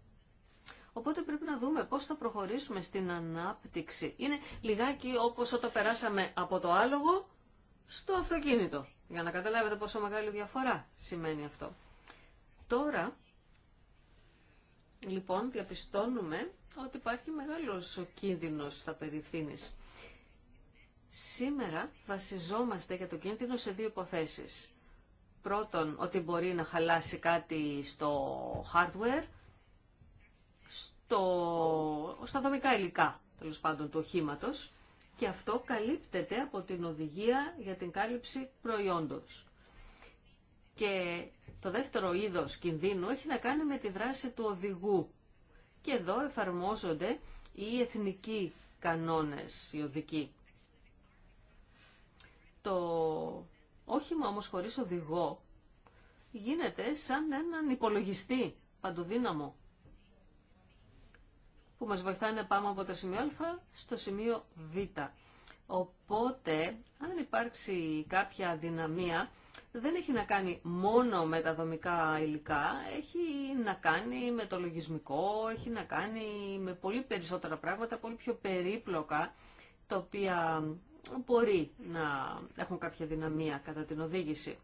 B: Οπότε πρέπει να δούμε πώς θα προχωρήσουμε στην ανάπτυξη. Είναι λιγάκι όπως όταν περάσαμε από το άλογο στο αυτοκίνητο. Για να καταλάβετε πόσο μεγάλη διαφορά σημαίνει αυτό. Τώρα, λοιπόν, διαπιστώνουμε ότι υπάρχει μεγάλος κίνδυνος στα περιευθύνης. Σήμερα βασιζόμαστε για το κίνδυνο σε δύο υποθέσεις. Πρώτον, ότι μπορεί να χαλάσει κάτι στο hardware, στο, στα δομικά υλικά, τέλο πάντων, του οχήματος, και αυτό καλύπτεται από την οδηγία για την κάλυψη προϊόντος. Και το δεύτερο είδος κινδύνου έχει να κάνει με τη δράση του οδηγού. Και εδώ εφαρμόζονται οι εθνικοί κανόνες, οι οδικοί. Το όχημα όμως χωρίς οδηγό γίνεται σαν έναν υπολογιστή παντοδύναμο που μας βοηθάει να πάμε από το σημείο α στο σημείο β. Οπότε, αν υπάρξει κάποια δυναμία, δεν έχει να κάνει μόνο με τα δομικά υλικά, έχει να κάνει με το λογισμικό, έχει να κάνει με πολύ περισσότερα πράγματα, πολύ πιο περίπλοκα, τα οποία μπορεί να έχουν κάποια δυναμία κατά την οδήγηση.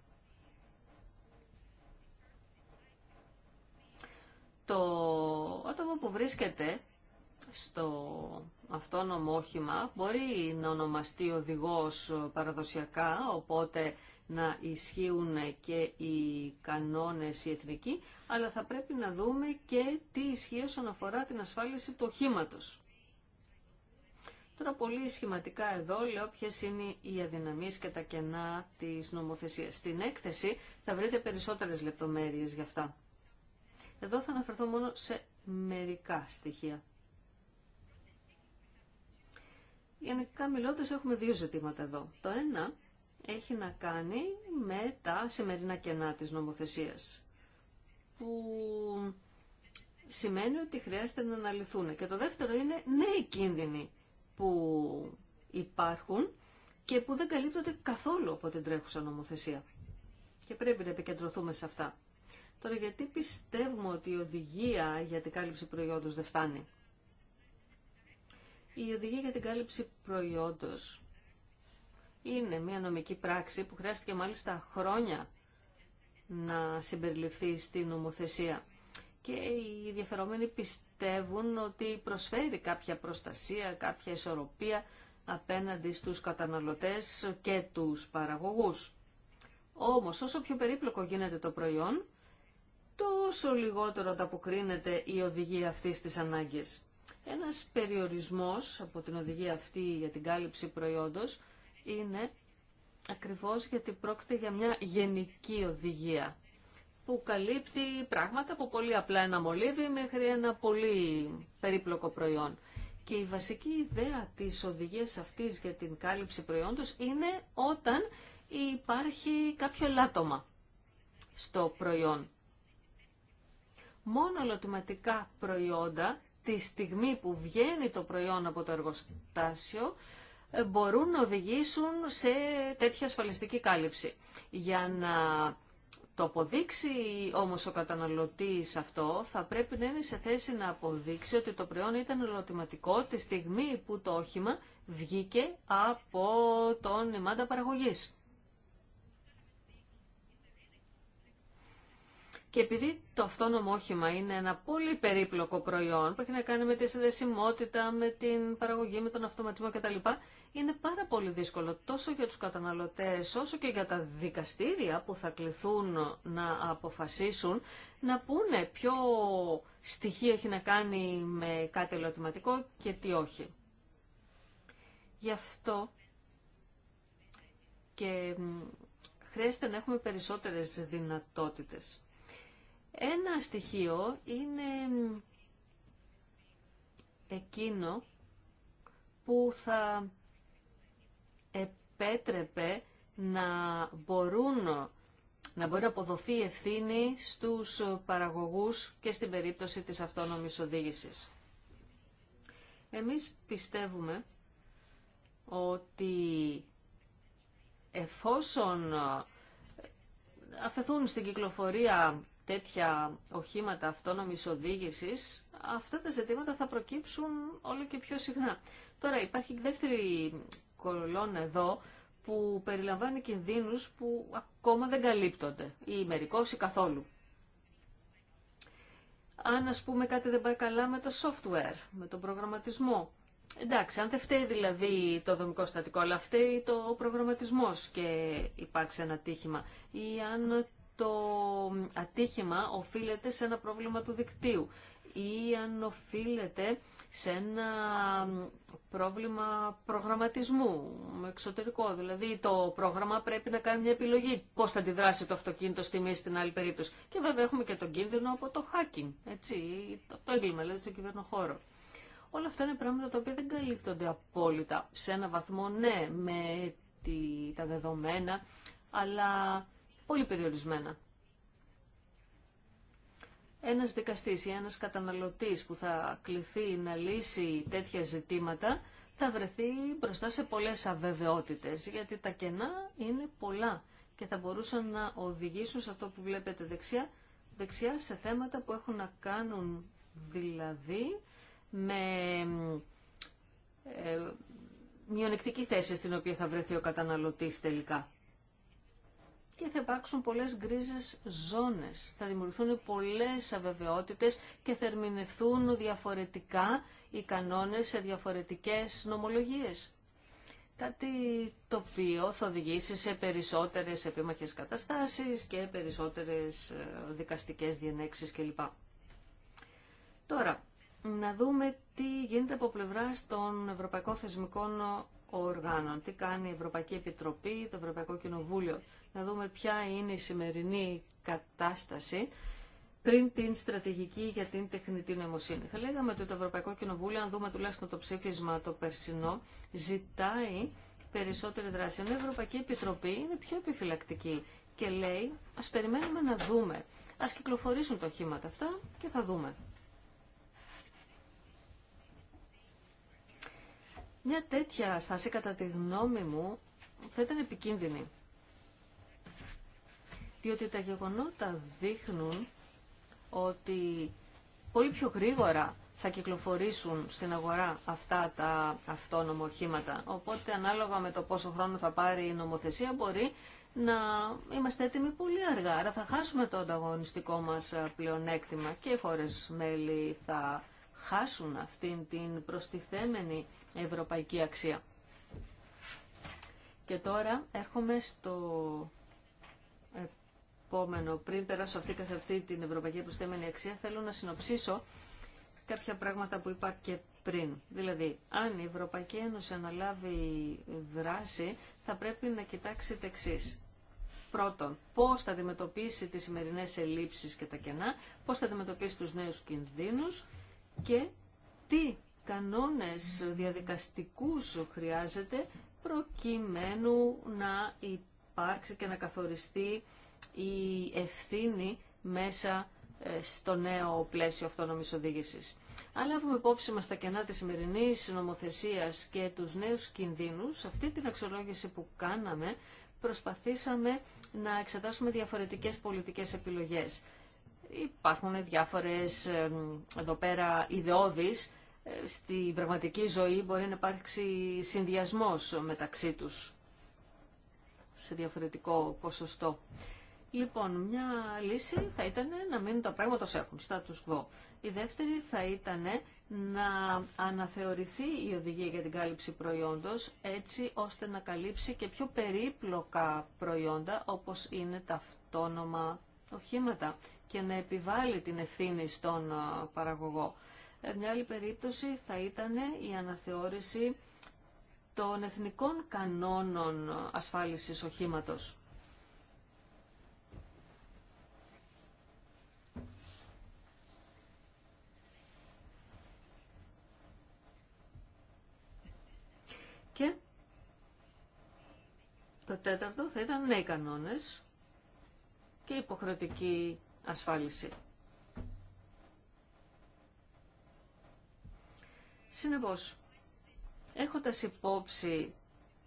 B: Το άτομο που βρίσκεται στο αυτόνομο όχημα μπορεί να ονομαστεί οδηγός παραδοσιακά, οπότε να ισχύουν και οι κανόνες οι εθνικοί, αλλά θα πρέπει να δούμε και τι ισχύει όσον αφορά την ασφάλιση του οχήματο. Τώρα πολύ σχηματικά εδώ λέω ποιε είναι οι αδυναμίες και τα κενά της νομοθεσίας. Στην έκθεση θα βρείτε περισσότερες λεπτομέρειες γι' αυτά. Εδώ θα αναφερθώ μόνο σε μερικά στοιχεία. Γενικά μιλώντας έχουμε δύο ζητήματα εδώ. Το ένα έχει να κάνει με τα σημερινά κενά της νομοθεσίας που σημαίνει ότι χρειάζεται να αναλυθούν. Και το δεύτερο είναι νέοι κίνδυνοι που υπάρχουν και που δεν καλύπτονται καθόλου από την τρέχουσα νομοθεσία. Και πρέπει να επικεντρωθούμε σε αυτά. Τώρα γιατί πιστεύουμε ότι η οδηγία για την κάλυψη προϊόντος δεν φτάνει. Η οδηγία για την κάλυψη προϊόντος είναι μια νομική πράξη που χρειάστηκε μάλιστα χρόνια να συμπεριληφθεί στην νομοθεσία. Και οι ενδιαφερόμενοι πιστεύουν ότι προσφέρει κάποια προστασία, κάποια ισορροπία απέναντι στους καταναλωτές και τους παραγωγούς. Όμως όσο πιο περίπλοκο γίνεται το προϊόν, τόσο λιγότερο ανταποκρίνεται η οδηγία αυτής της ανάγκης. Ένας περιορισμός από την οδηγία αυτή για την κάλυψη προϊόντος είναι ακριβώς γιατί πρόκειται για μια γενική οδηγία που καλύπτει πράγματα από πολύ απλά ένα μολύβι μέχρι ένα πολύ περίπλοκο προϊόν. Και η βασική ιδέα της οδηγίας αυτής για την κάλυψη προϊόντος είναι όταν υπάρχει κάποιο λάτωμα στο προϊόν. Μόνο λατωματικά προϊόντα τη στιγμή που βγαίνει το προϊόν από το εργοστάσιο ε, μπορούν να οδηγήσουν σε τέτοια ασφαλιστική κάλυψη. Για να το αποδείξει όμως ο καταναλωτής αυτό, θα πρέπει να είναι σε θέση να αποδείξει ότι το προϊόν ήταν ελωτηματικό τη στιγμή που το όχημα βγήκε από τον ημάντα παραγωγής. Και επειδή το αυτόνομο όχημα είναι ένα πολύ περίπλοκο προϊόν που έχει να κάνει με τη συνδεσιμότητα, με την παραγωγή, με τον αυτοματισμό κτλ. Είναι πάρα πολύ δύσκολο τόσο για τους καταναλωτές όσο και για τα δικαστήρια που θα κληθούν να αποφασίσουν να πούνε ποιο στοιχείο έχει να κάνει με κάτι ελαττωματικό και τι όχι. Γι' αυτό και χρειάζεται να έχουμε περισσότερες δυνατότητες. Ένα στοιχείο είναι εκείνο που θα επέτρεπε να μπορούν να μπορεί να αποδοθεί ευθύνη στους παραγωγούς και στην περίπτωση της αυτόνομης οδήγησης. Εμείς πιστεύουμε ότι εφόσον αφαιθούν στην κυκλοφορία τέτοια οχήματα αυτόνομης οδήγησης, αυτά τα ζητήματα θα προκύψουν όλο και πιο συχνά. Τώρα υπάρχει δεύτερη κολόνα εδώ που περιλαμβάνει κινδύνους που ακόμα δεν καλύπτονται, ή μερικώς ή καθόλου. Αν ας πούμε κάτι δεν πάει καλά με το software, με τον προγραμματισμό, Εντάξει, αν δεν φταίει δηλαδή το δομικό στατικό, αλλά φταίει το προγραμματισμός και υπάρξει ένα τύχημα. Ή αν το ατύχημα οφείλεται σε ένα πρόβλημα του δικτύου ή αν οφείλεται σε ένα πρόβλημα προγραμματισμού εξωτερικό. Δηλαδή το πρόγραμμα πρέπει να κάνει μια επιλογή πώς θα αντιδράσει το αυτοκίνητο στη μία στην άλλη περίπτωση. Και βέβαια έχουμε και τον κίνδυνο από το hacking, έτσι, το έγκλημα, δηλαδή στον κυβερνοχώρο. Όλα αυτά είναι πράγματα τα οποία δεν καλύπτονται απόλυτα. Σε ένα βαθμό ναι με τα δεδομένα, αλλά πολύ περιορισμένα. Ένας δικαστής ή ένας καταναλωτής που θα κληθεί να λύσει τέτοια ζητήματα θα βρεθεί μπροστά σε πολλές αβεβαιότητες, γιατί τα κενά είναι πολλά και θα μπορούσαν να οδηγήσουν σε αυτό που βλέπετε δεξιά, δεξιά σε θέματα που έχουν να κάνουν δηλαδή με ε, μειονεκτική θέση στην οποία θα βρεθεί ο καταναλωτής τελικά και θα υπάρξουν πολλές γκρίζες ζώνες. Θα δημιουργηθούν πολλές αβεβαιότητες και θα ερμηνευθούν διαφορετικά οι κανόνες σε διαφορετικές νομολογίες. Κάτι το οποίο θα οδηγήσει σε περισσότερες επίμαχες καταστάσεις και περισσότερες ε, δικαστικές διενέξεις κλπ. Τώρα, να δούμε τι γίνεται από πλευρά των ευρωπαϊκών θεσμικών οργάνων. Τι κάνει η Ευρωπαϊκή Επιτροπή, το Ευρωπαϊκό Κοινοβούλιο. Να δούμε ποια είναι η σημερινή κατάσταση πριν την στρατηγική για την τεχνητή νοημοσύνη. Θα λέγαμε ότι το Ευρωπαϊκό Κοινοβούλιο, αν δούμε τουλάχιστον το ψήφισμα το περσινό, ζητάει περισσότερη δράση. η Ευρωπαϊκή Επιτροπή είναι πιο επιφυλακτική και λέει ας περιμένουμε να δούμε. Ας κυκλοφορήσουν τα οχήματα αυτά και θα δούμε. Μια τέτοια στάση, κατά τη γνώμη μου, θα ήταν επικίνδυνη. Διότι τα γεγονότα δείχνουν ότι πολύ πιο γρήγορα θα κυκλοφορήσουν στην αγορά αυτά τα αυτονομοχήματα. Οπότε ανάλογα με το πόσο χρόνο θα πάρει η νομοθεσία μπορεί να είμαστε έτοιμοι πολύ αργά. Άρα θα χάσουμε το ανταγωνιστικό μας πλεονέκτημα και οι χώρες μέλη θα χάσουν αυτήν την προστιθέμενη ευρωπαϊκή αξία. Και τώρα έρχομαι στο επόμενο. Πριν περάσω αυτή καθ' την ευρωπαϊκή προστιθέμενη αξία, θέλω να συνοψίσω κάποια πράγματα που είπα και πριν. Δηλαδή, αν η Ευρωπαϊκή Ένωση αναλάβει δράση, θα πρέπει να κοιτάξει τα εξή. Πρώτον, πώς θα αντιμετωπίσει τις σημερινές ελλείψεις και τα κενά, πώς θα αντιμετωπίσει τους νέους κινδύνους και τι κανόνες διαδικαστικούς χρειάζεται προκειμένου να υπάρξει και να καθοριστεί η ευθύνη μέσα ε, στο νέο πλαίσιο αυτόνομης οδήγησης. Αν λάβουμε υπόψη μας τα κενά της σημερινή νομοθεσίας και τους νέους κινδύνους, αυτή την αξιολόγηση που κάναμε προσπαθήσαμε να εξετάσουμε διαφορετικές πολιτικές επιλογές. Υπάρχουν διάφορες εδώ πέρα ιδεώδεις. Ε, στην πραγματική ζωή μπορεί να υπάρξει συνδυασμός μεταξύ τους σε διαφορετικό ποσοστό. Λοιπόν, μια λύση θα ήταν να μείνουν τα πράγματα ως έχουν, status quo. Η δεύτερη θα ήταν να αναθεωρηθεί η οδηγία για την κάλυψη προϊόντος έτσι ώστε να καλύψει και πιο περίπλοκα προϊόντα όπως είναι τα αυτόνομα οχήματα και να επιβάλλει την ευθύνη στον παραγωγό. Ε, μια άλλη περίπτωση θα ήταν η αναθεώρηση των εθνικών κανόνων ασφάλισης οχήματος. Και το τέταρτο θα ήταν νέοι κανόνες και υποχρεωτική ασφάλιση. Συνεπώς, έχοντας υπόψη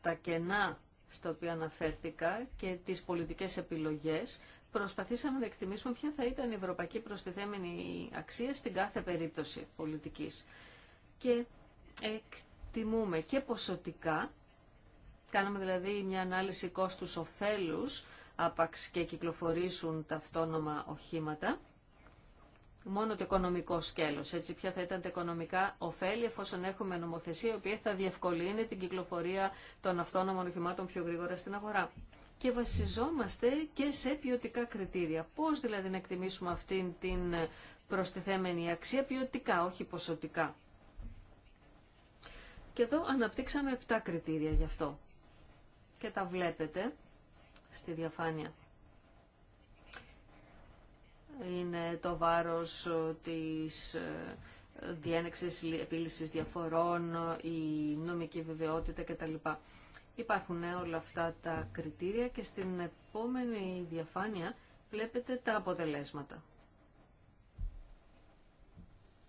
B: τα κενά στα οποία αναφέρθηκα και τις πολιτικές επιλογές, προσπαθήσαμε να εκτιμήσουμε ποια θα ήταν η ευρωπαϊκή προστιθέμενη αξία στην κάθε περίπτωση πολιτικής. Και εκτιμούμε και ποσοτικά, κάναμε δηλαδή μια ανάλυση κόστους-οφέλους, άπαξ και κυκλοφορήσουν τα αυτόνομα οχήματα. Μόνο το οικονομικό σκέλος, έτσι ποια θα ήταν τα οικονομικά ωφέλη εφόσον έχουμε νομοθεσία η οποία θα διευκολύνει την κυκλοφορία των αυτόνομων οχημάτων πιο γρήγορα στην αγορά. Και βασιζόμαστε και σε ποιοτικά κριτήρια. Πώς δηλαδή να εκτιμήσουμε αυτήν την προστιθέμενη αξία ποιοτικά, όχι ποσοτικά. Και εδώ αναπτύξαμε 7 κριτήρια γι' αυτό. Και τα βλέπετε στη διαφάνεια. Είναι το βάρος ε, της ε, διένεξης επίλυσης διαφορών, η νομική βεβαιότητα κτλ. Υπάρχουν ε, όλα αυτά τα κριτήρια και στην επόμενη διαφάνεια βλέπετε τα αποτελέσματα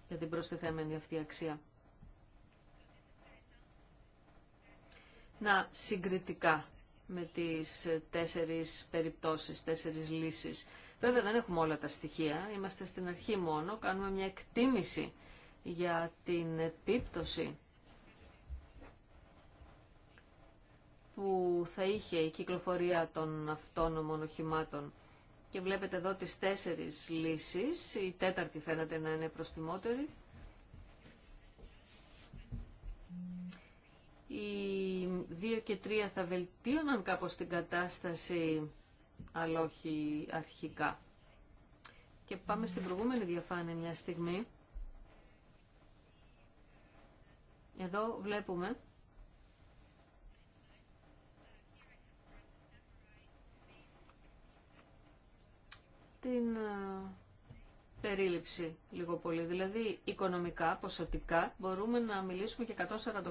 B: για την προσθεθέμενη αυτή αξία. Να συγκριτικά με τις τέσσερις περιπτώσεις, τέσσερις λύσεις. Βέβαια δεν έχουμε όλα τα στοιχεία, είμαστε στην αρχή μόνο, κάνουμε μια εκτίμηση για την επίπτωση που θα είχε η κυκλοφορία των αυτόνομων οχημάτων. Και βλέπετε εδώ τις τέσσερις λύσεις, η τέταρτη φαίνεται να είναι προστιμότερη, οι 2 και 3 θα βελτίωναν κάπως την κατάσταση, αλλά όχι αρχικά. Και πάμε στην προηγούμενη διαφάνεια μια στιγμή. Εδώ βλέπουμε την ε, περίληψη λίγο πολύ. Δηλαδή οικονομικά, ποσοτικά, μπορούμε να μιλήσουμε για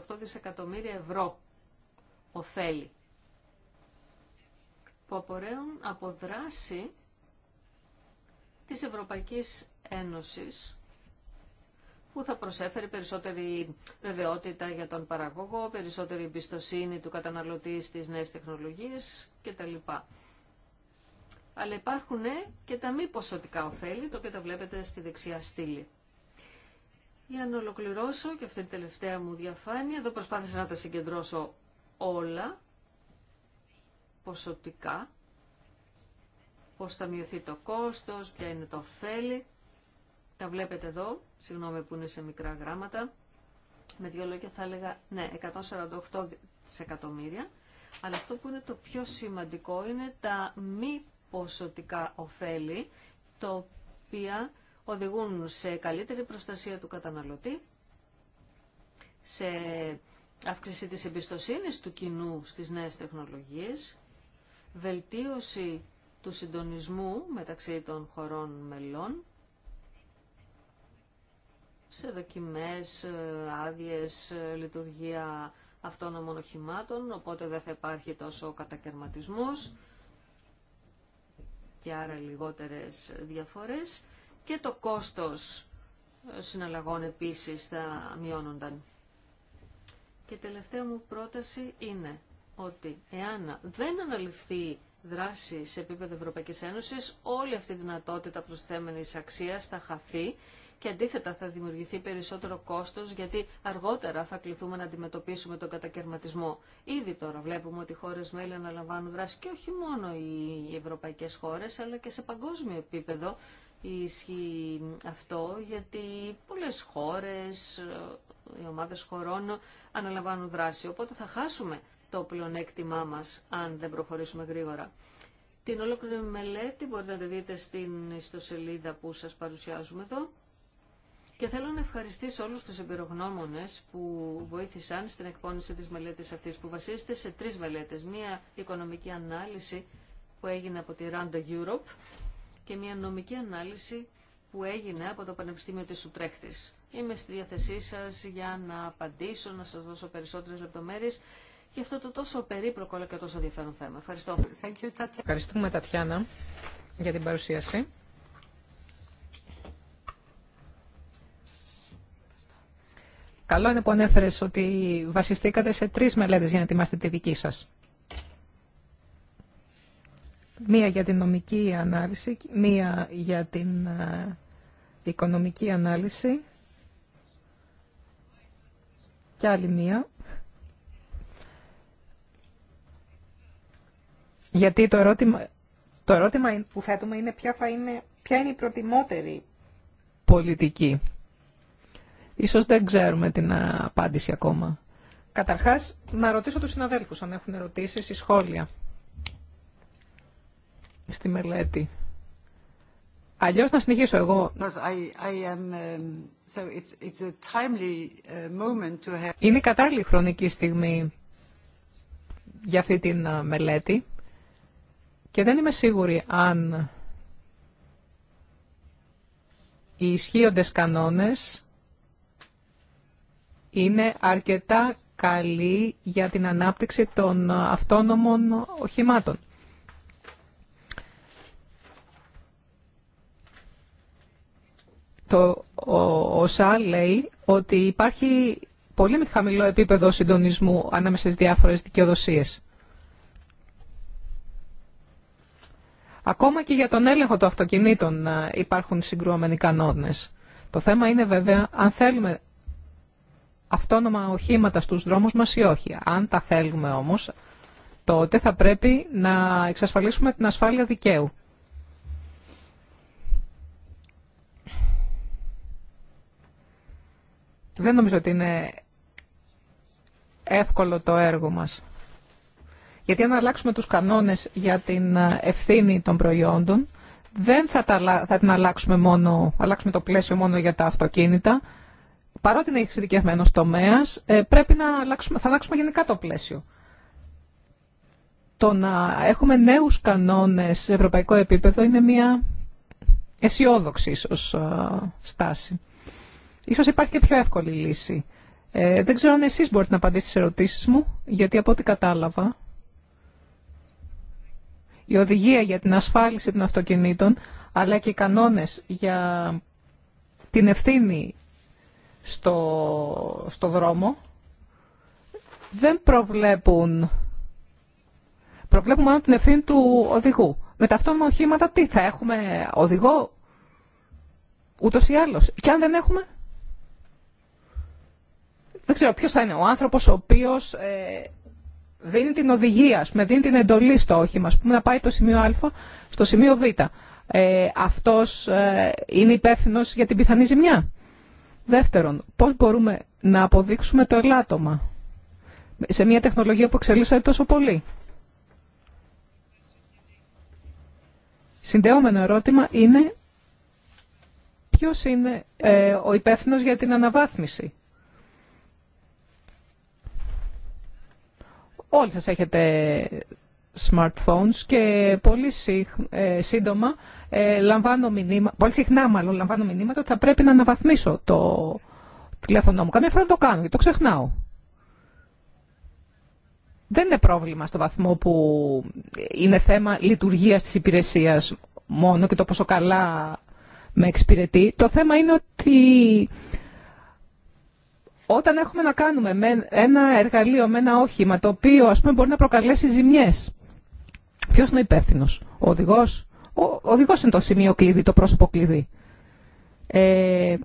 B: 148 δισεκατομμύρια ευρώ ωφέλη που απορρέουν από δράση της Ευρωπαϊκής Ένωσης που θα προσέφερε περισσότερη βεβαιότητα για τον παραγωγό, περισσότερη εμπιστοσύνη του καταναλωτή στις νέες τεχνολογίες κτλ αλλά υπάρχουν ε, και τα μη ποσοτικά ωφέλη, το οποίο τα βλέπετε στη δεξιά στήλη. Για να ολοκληρώσω και αυτή την τελευταία μου διαφάνεια, εδώ προσπάθησα να τα συγκεντρώσω όλα ποσοτικά, πώς θα μειωθεί το κόστος, ποια είναι το ωφέλη. Τα βλέπετε εδώ, συγγνώμη που είναι σε μικρά γράμματα. Με δύο λόγια θα έλεγα, ναι, 148 εκατομμύρια, Αλλά αυτό που είναι το πιο σημαντικό είναι τα μη ποσοτικά ωφέλη, τα οποία οδηγούν σε καλύτερη προστασία του καταναλωτή, σε αύξηση της εμπιστοσύνης του κοινού στις νέες τεχνολογίες, βελτίωση του συντονισμού μεταξύ των χωρών μελών, σε δοκιμές, ε, άδειες, ε, λειτουργία αυτών οχημάτων, οπότε δεν θα υπάρχει τόσο κατακαιρματισμός και άρα λιγότερες διαφορές και το κόστος συναλλαγών επίσης θα μειώνονταν. Και τελευταία μου πρόταση είναι ότι εάν δεν αναλυφθεί δράση σε επίπεδο Ευρωπαϊκής Ένωσης, όλη αυτή η δυνατότητα προσθέμενης αξίας θα χαθεί και αντίθετα θα δημιουργηθεί περισσότερο κόστο, γιατί αργότερα θα κληθούμε να αντιμετωπίσουμε τον κατακαιρματισμό. Ήδη τώρα βλέπουμε ότι οι χώρες μέλη αναλαμβάνουν δράση και όχι μόνο οι Ευρωπαϊκέ χώρε, αλλά και σε παγκόσμιο επίπεδο ισχύει αυτό γιατί πολλέ χώρε, ε, οι ομάδες χωρών αναλαμβάνουν δράση οπότε θα χάσουμε το πλεονέκτημά μα αν δεν προχωρήσουμε γρήγορα. Την ολόκληρη μελέτη μπορείτε να τη δείτε στην ιστοσελίδα που σας παρουσιάζουμε εδώ. Και θέλω να ευχαριστήσω όλους τους εμπειρογνώμονες που βοήθησαν στην εκπόνηση της μελέτης αυτής, που βασίζεται σε τρεις μελέτες. Μία οικονομική ανάλυση που έγινε από τη Randa Europe και μία νομική ανάλυση που έγινε από το Πανεπιστήμιο της Ουτρέχτης. Είμαι στη διάθεσή σας για να απαντήσω, να σας δώσω περισσότερες λεπτομέρειες για αυτό το τόσο περίπλοκο αλλά και τόσο ενδιαφέρον θέμα. Ευχαριστώ.
C: Ευχαριστούμε Τατιάνα για την παρουσίαση. Καλό είναι που ανέφερε ότι βασιστήκατε σε τρεις μελέτε για να ετοιμάσετε τη δική σας. Μία για την νομική ανάλυση, μία για την ε, οικονομική ανάλυση και άλλη μία. Γιατί το ερώτημα, το ερώτημα που θέτουμε είναι ποια, θα είναι ποια είναι η προτιμότερη πολιτική. Ίσως δεν ξέρουμε την απάντηση ακόμα. Καταρχάς, να ρωτήσω τους συναδέλφους αν έχουν ερωτήσεις ή σχόλια στη μελέτη. Αλλιώς να συνεχίσω εγώ. Είναι η κατάλληλη χρονική στιγμή για αυτή τη uh, μελέτη και δεν είμαι σίγουρη αν οι ισχύοντες κανόνες είναι αρκετά καλή για την ανάπτυξη των αυτόνομων οχημάτων. Το ΟΣΑ λέει ότι υπάρχει πολύ χαμηλό επίπεδο συντονισμού ανάμεσα στις διάφορες δικαιοδοσίες. Ακόμα και για τον έλεγχο των αυτοκινήτων ε, υπάρχουν συγκρουόμενοι κανόνες. Το θέμα είναι βέβαια αν θέλουμε αυτόνομα οχήματα στους δρόμους μας ή όχι. Αν τα θέλουμε όμως, τότε θα πρέπει να εξασφαλίσουμε την ασφάλεια δικαίου. Δεν νομίζω ότι είναι εύκολο το έργο μας. Γιατί αν αλλάξουμε τους κανόνες για την ευθύνη των προϊόντων, δεν θα, θα την αλλάξουμε μόνο, αλλάξουμε το πλαίσιο μόνο για τα αυτοκίνητα, παρότι είναι εξειδικευμένο τομέα, ε, πρέπει να αλλάξουμε, θα αλλάξουμε γενικά το πλαίσιο. Το να έχουμε νέου κανόνε σε ευρωπαϊκό επίπεδο είναι μια αισιόδοξη ίσω ε, στάση. Ίσως υπάρχει και πιο εύκολη λύση. Ε, δεν ξέρω αν εσείς μπορείτε να απαντήσετε στις ερωτήσεις μου, γιατί από ό,τι κατάλαβα, η οδηγία για την ασφάλιση των αυτοκινήτων, αλλά και οι κανόνες για την ευθύνη στο, στο δρόμο δεν προβλέπουν προβλέπουν μόνο την ευθύνη του οδηγού. Με τα οχήματα τι θα έχουμε οδηγό ούτως ή άλλως. Και αν δεν έχουμε δεν ξέρω ποιος θα είναι ο άνθρωπος ο οποίος ε, δίνει την οδηγία, με δίνει την εντολή στο όχημα, να πάει το σημείο Α στο σημείο Β. Ε, αυτός ε, είναι υπεύθυνο για την πιθανή ζημιά. Δεύτερον, πώς μπορούμε να αποδείξουμε το ελάττωμα σε μια τεχνολογία που εξελίσσεται τόσο πολύ. Συνδεόμενο ερώτημα είναι ποιος είναι ε, ο υπεύθυνος για την αναβάθμιση. Όλοι σας έχετε smartphones και πολύ ε, σύντομα ε, λαμβάνω μηνύματα πολύ συχνά μάλλον λαμβάνω μηνύματα ότι θα πρέπει να αναβαθμίσω το τηλέφωνό μου. Καμία φορά το κάνω και το ξεχνάω. Δεν είναι πρόβλημα στο βαθμό που είναι θέμα λειτουργίας της υπηρεσίας μόνο και το πόσο καλά με εξυπηρετεί. Το θέμα είναι ότι όταν έχουμε να κάνουμε με ένα εργαλείο, με ένα όχημα, το οποίο ας πούμε μπορεί να προκαλέσει ζημιές, ποιος είναι υπεύθυνο, ο οδηγός, ο οδηγός είναι το σημείο κλειδί, το πρόσωπο κλειδί. Ε,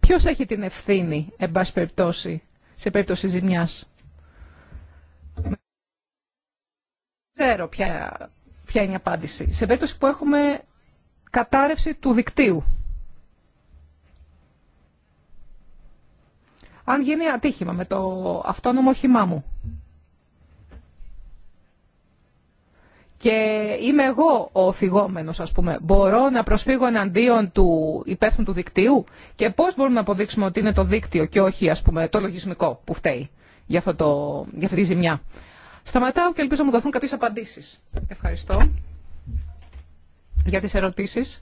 C: ποιος έχει την ευθύνη, εν πάση περιπτώσει, σε περίπτωση ζημιάς. Ξέρω ποια, ποια είναι η απάντηση. Σε περίπτωση που έχουμε κατάρρευση του δικτύου. Αν γίνει ατύχημα με το αυτόνομο όχημά μου, και είμαι εγώ ο φυγόμενος ας πούμε. Μπορώ να προσφύγω εναντίον του υπεύθυνου του δικτύου και πώς μπορούμε να αποδείξουμε ότι είναι το δίκτυο και όχι ας πούμε το λογισμικό που φταίει για, αυτό το, για αυτή τη ζημιά. Σταματάω και ελπίζω να μου δοθούν κάποιες απαντήσεις. Ευχαριστώ για τις ερωτήσεις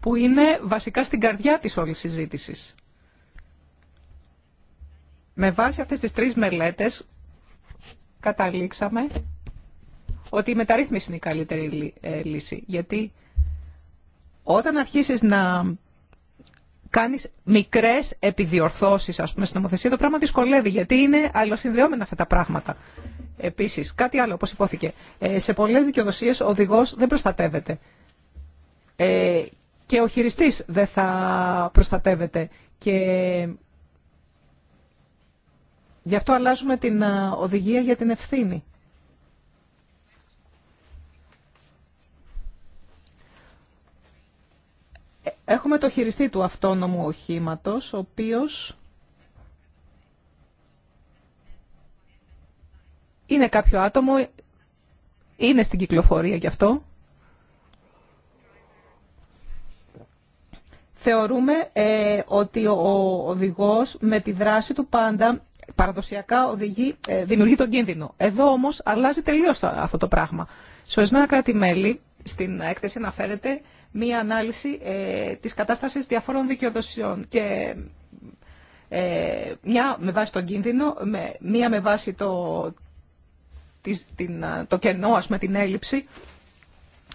C: που είναι βασικά στην καρδιά της όλης συζήτησης. Με βάση αυτές τις τρεις μελέτες καταλήξαμε ότι η μεταρρύθμιση είναι η καλύτερη ε, λύση. Γιατί όταν αρχίσεις να κάνεις μικρές επιδιορθώσεις ας πούμε, στην νομοθεσία, το πράγμα δυσκολεύει, γιατί είναι αλλοσυνδεόμενα αυτά τα πράγματα. Επίσης, κάτι άλλο, όπως υπόθηκε, ε, σε πολλές δικαιοδοσίες ο οδηγός δεν προστατεύεται. Ε, και ο χειριστής δεν θα προστατεύεται. Και γι' αυτό αλλάζουμε την ε, οδηγία για την ευθύνη. Έχουμε το χειριστή του αυτόνομου οχήματος, ο οποίος είναι κάποιο άτομο, είναι στην κυκλοφορία γι' αυτό. Θεωρούμε ε, ότι ο οδηγός με τη δράση του πάντα παραδοσιακά οδηγεί, ε, δημιουργεί τον κίνδυνο. Εδώ όμως αλλάζει τελείως αυτό το πράγμα. Σε ορισμένα κράτη-μέλη στην έκθεση αναφέρεται μία ανάλυση ε, της κατάστασης διαφόρων δικαιοδοσιών και ε, μια με βάση τον κίνδυνο, μια με βάση το, της, την, το κενό, ας πούμε, την έλλειψη.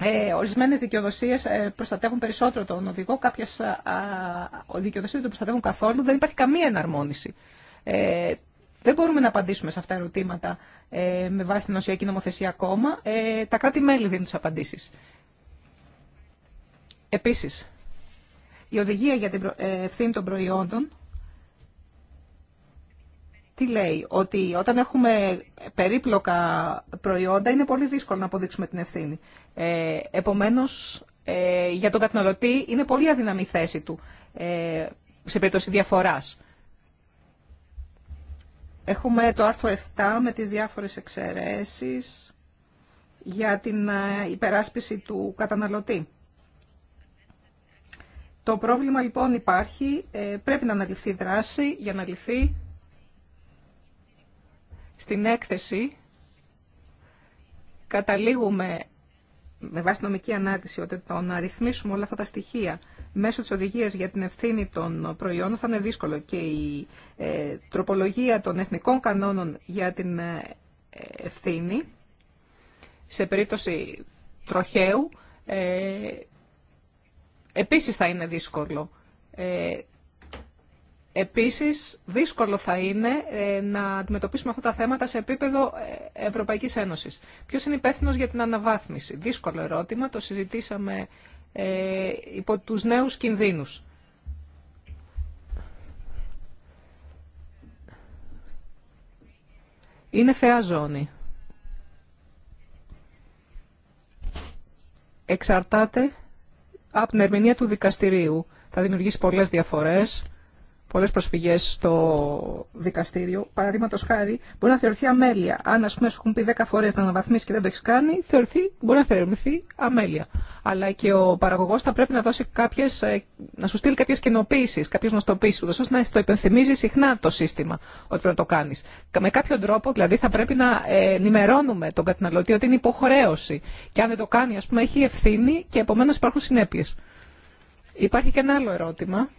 C: Ε, ορισμένες δικαιοδοσίες ε, προστατεύουν περισσότερο τον οδηγό, κάποιες α, δικαιοδοσίες δεν προστατεύουν καθόλου, δεν υπάρχει καμία εναρμόνιση. Ε, δεν μπορούμε να απαντήσουμε σε αυτά τα ερωτήματα ε, με βάση την οσιακή νομοθεσία ακόμα. Ε, τα κράτη-μέλη δίνουν τις απαντήσεις. Επίσης, η οδηγία για την ε, ευθύνη των προϊόντων τι λέει, ότι όταν έχουμε περίπλοκα προϊόντα είναι πολύ δύσκολο να αποδείξουμε την ευθύνη. Ε, επομένως, ε, για τον καταναλωτή είναι πολύ αδυναμή η θέση του ε, σε περίπτωση διαφοράς. Έχουμε το άρθρο 7 με τις διάφορες εξαιρέσεις για την ε, υπεράσπιση του καταναλωτή. Το πρόβλημα λοιπόν υπάρχει, ε, πρέπει να αναλυθεί δράση για να λυθεί στην έκθεση. Καταλήγουμε με βάση νομική ανάτηση, ότι το να ρυθμίσουμε όλα αυτά τα στοιχεία μέσω της οδηγίας για την ευθύνη των προϊόντων θα είναι δύσκολο και η ε, τροπολογία των εθνικών κανόνων για την ε, ευθύνη σε περίπτωση τροχαίου ε, επίσης θα είναι δύσκολο. Ε, επίσης, δύσκολο θα είναι ε, να αντιμετωπίσουμε αυτά τα θέματα σε επίπεδο ε, Ευρωπαϊκής Ένωσης. Ποιος είναι υπεύθυνο για την αναβάθμιση. Δύσκολο ερώτημα, το συζητήσαμε ε, υπό τους νέους κινδύνους. Είναι θεά ζώνη. Εξαρτάται από την ερμηνεία του δικαστηρίου. Θα δημιουργήσει πολλές διαφορές πολλέ προσφυγέ στο δικαστήριο, παραδείγματο χάρη, μπορεί να θεωρηθεί αμέλεια. Αν, α πούμε, σου έχουν πει 10 φορέ να αναβαθμίσει και δεν το έχει κάνει, θεωρηθεί, μπορεί να θεωρηθεί αμέλεια. Αλλά και ο παραγωγό θα πρέπει να, δώσει κάποιες, ε, να σου στείλει κάποιε κοινοποίησει, κάποιε γνωστοποίησει, ώστε να το υπενθυμίζει συχνά το σύστημα ότι πρέπει να το κάνει. Με κάποιο τρόπο, δηλαδή, θα πρέπει να ε, ενημερώνουμε τον καταναλωτή ότι είναι υποχρέωση. Και αν δεν το κάνει, α πούμε, έχει ευθύνη και επομένω υπάρχουν συνέπειε. Υπάρχει και ένα άλλο ερώτημα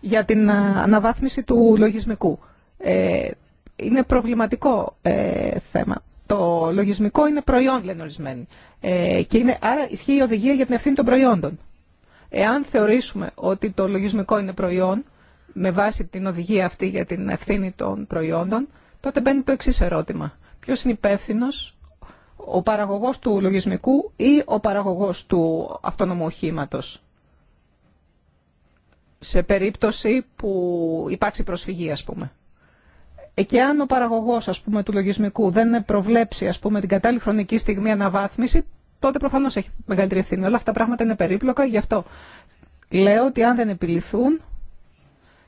C: για την ε, αναβάθμιση του λογισμικού. Ε, είναι προβληματικό ε, θέμα. Το λογισμικό είναι προϊόν, λένε ορισμένοι. Ε, και είναι, άρα ισχύει η οδηγία για την ευθύνη των προϊόντων. Εάν θεωρήσουμε ότι το λογισμικό είναι προϊόν, με βάση την οδηγία αυτή για την ευθύνη των προϊόντων, τότε μπαίνει το εξή ερώτημα. Ποιο είναι υπεύθυνο, ο παραγωγό του λογισμικού ή ο παραγωγό του αυτονομού σε περίπτωση που υπάρξει προσφυγή, ας πούμε. Και αν ο παραγωγός, ας πούμε, του λογισμικού δεν προβλέψει, ας πούμε, την κατάλληλη χρονική στιγμή αναβάθμιση, τότε προφανώς έχει μεγαλύτερη ευθύνη. Όλα αυτά τα πράγματα είναι περίπλοκα, γι' αυτό λέω ότι αν δεν επιληθούν,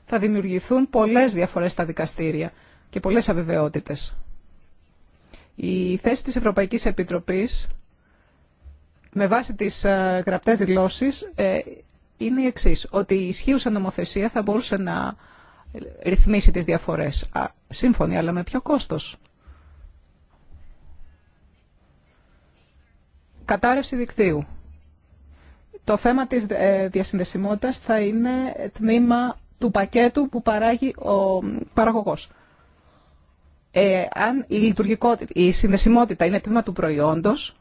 C: θα δημιουργηθούν πολλές διαφορές στα δικαστήρια και πολλές αβεβαιότητες. Η θέση της Ευρωπαϊκής Επιτροπής με βάση τις ε, γραπτές δηλώσεις ε, είναι η εξή, ότι η ισχύουσα νομοθεσία θα μπορούσε να ρυθμίσει τις διαφορές. Α, σύμφωνοι, αλλά με ποιο κόστος. Κατάρρευση δικτύου. Το θέμα της ε, διασυνδεσιμότητας θα είναι τμήμα του πακέτου που παράγει ο παραγωγός. Ε, αν η, η συνδεσιμότητα είναι τμήμα του προϊόντος,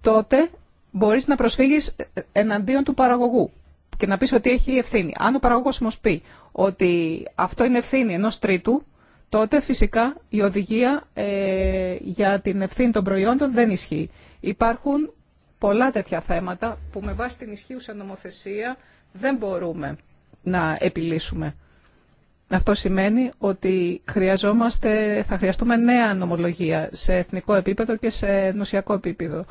C: τότε μπορείς να προσφύγεις εναντίον του παραγωγού και να πει ότι έχει ευθύνη. Αν ο παραγωγό όμω πει ότι αυτό είναι ευθύνη ενός τρίτου, τότε φυσικά η οδηγία ε, για την ευθύνη των προϊόντων δεν ισχύει. Υπάρχουν πολλά τέτοια θέματα που με βάση την ισχύουσα νομοθεσία δεν μπορούμε να επιλύσουμε. Αυτό σημαίνει ότι χρειαζόμαστε, θα χρειαστούμε νέα νομολογία σε εθνικό επίπεδο και σε νοσιακό επίπεδο.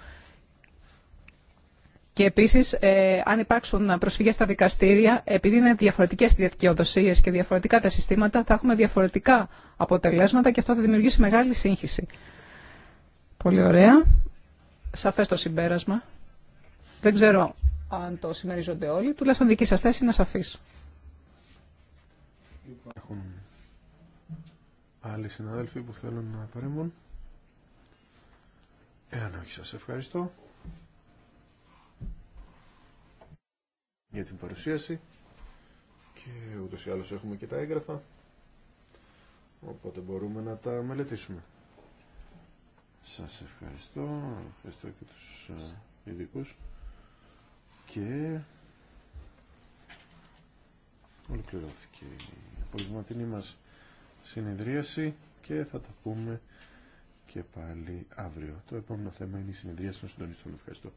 C: Και επίση, ε, αν υπάρξουν προσφυγέ στα δικαστήρια, επειδή είναι διαφορετικέ οι δικαιοδοσίε και διαφορετικά τα συστήματα, θα έχουμε διαφορετικά αποτελέσματα και αυτό θα δημιουργήσει μεγάλη σύγχυση. Πολύ ωραία. Σαφέ το συμπέρασμα. Δεν ξέρω αν το συμμερίζονται όλοι. Τουλάχιστον δική σα θέση είναι σαφή.
A: Υπάρχουν άλλοι συνάδελφοι που θέλουν να παρέμβουν. Εάν όχι, σα ευχαριστώ. για την παρουσίαση και ούτως ή άλλως έχουμε και τα έγγραφα οπότε μπορούμε να τα μελετήσουμε. Σας ευχαριστώ, ευχαριστώ και τους ε, ειδικού και ολοκληρώθηκε η απολυσματινή μας συνεδρίαση και θα τα πούμε και πάλι αύριο. Το επόμενο θέμα είναι η συνεδρίαση των συντονιστών. Ευχαριστώ.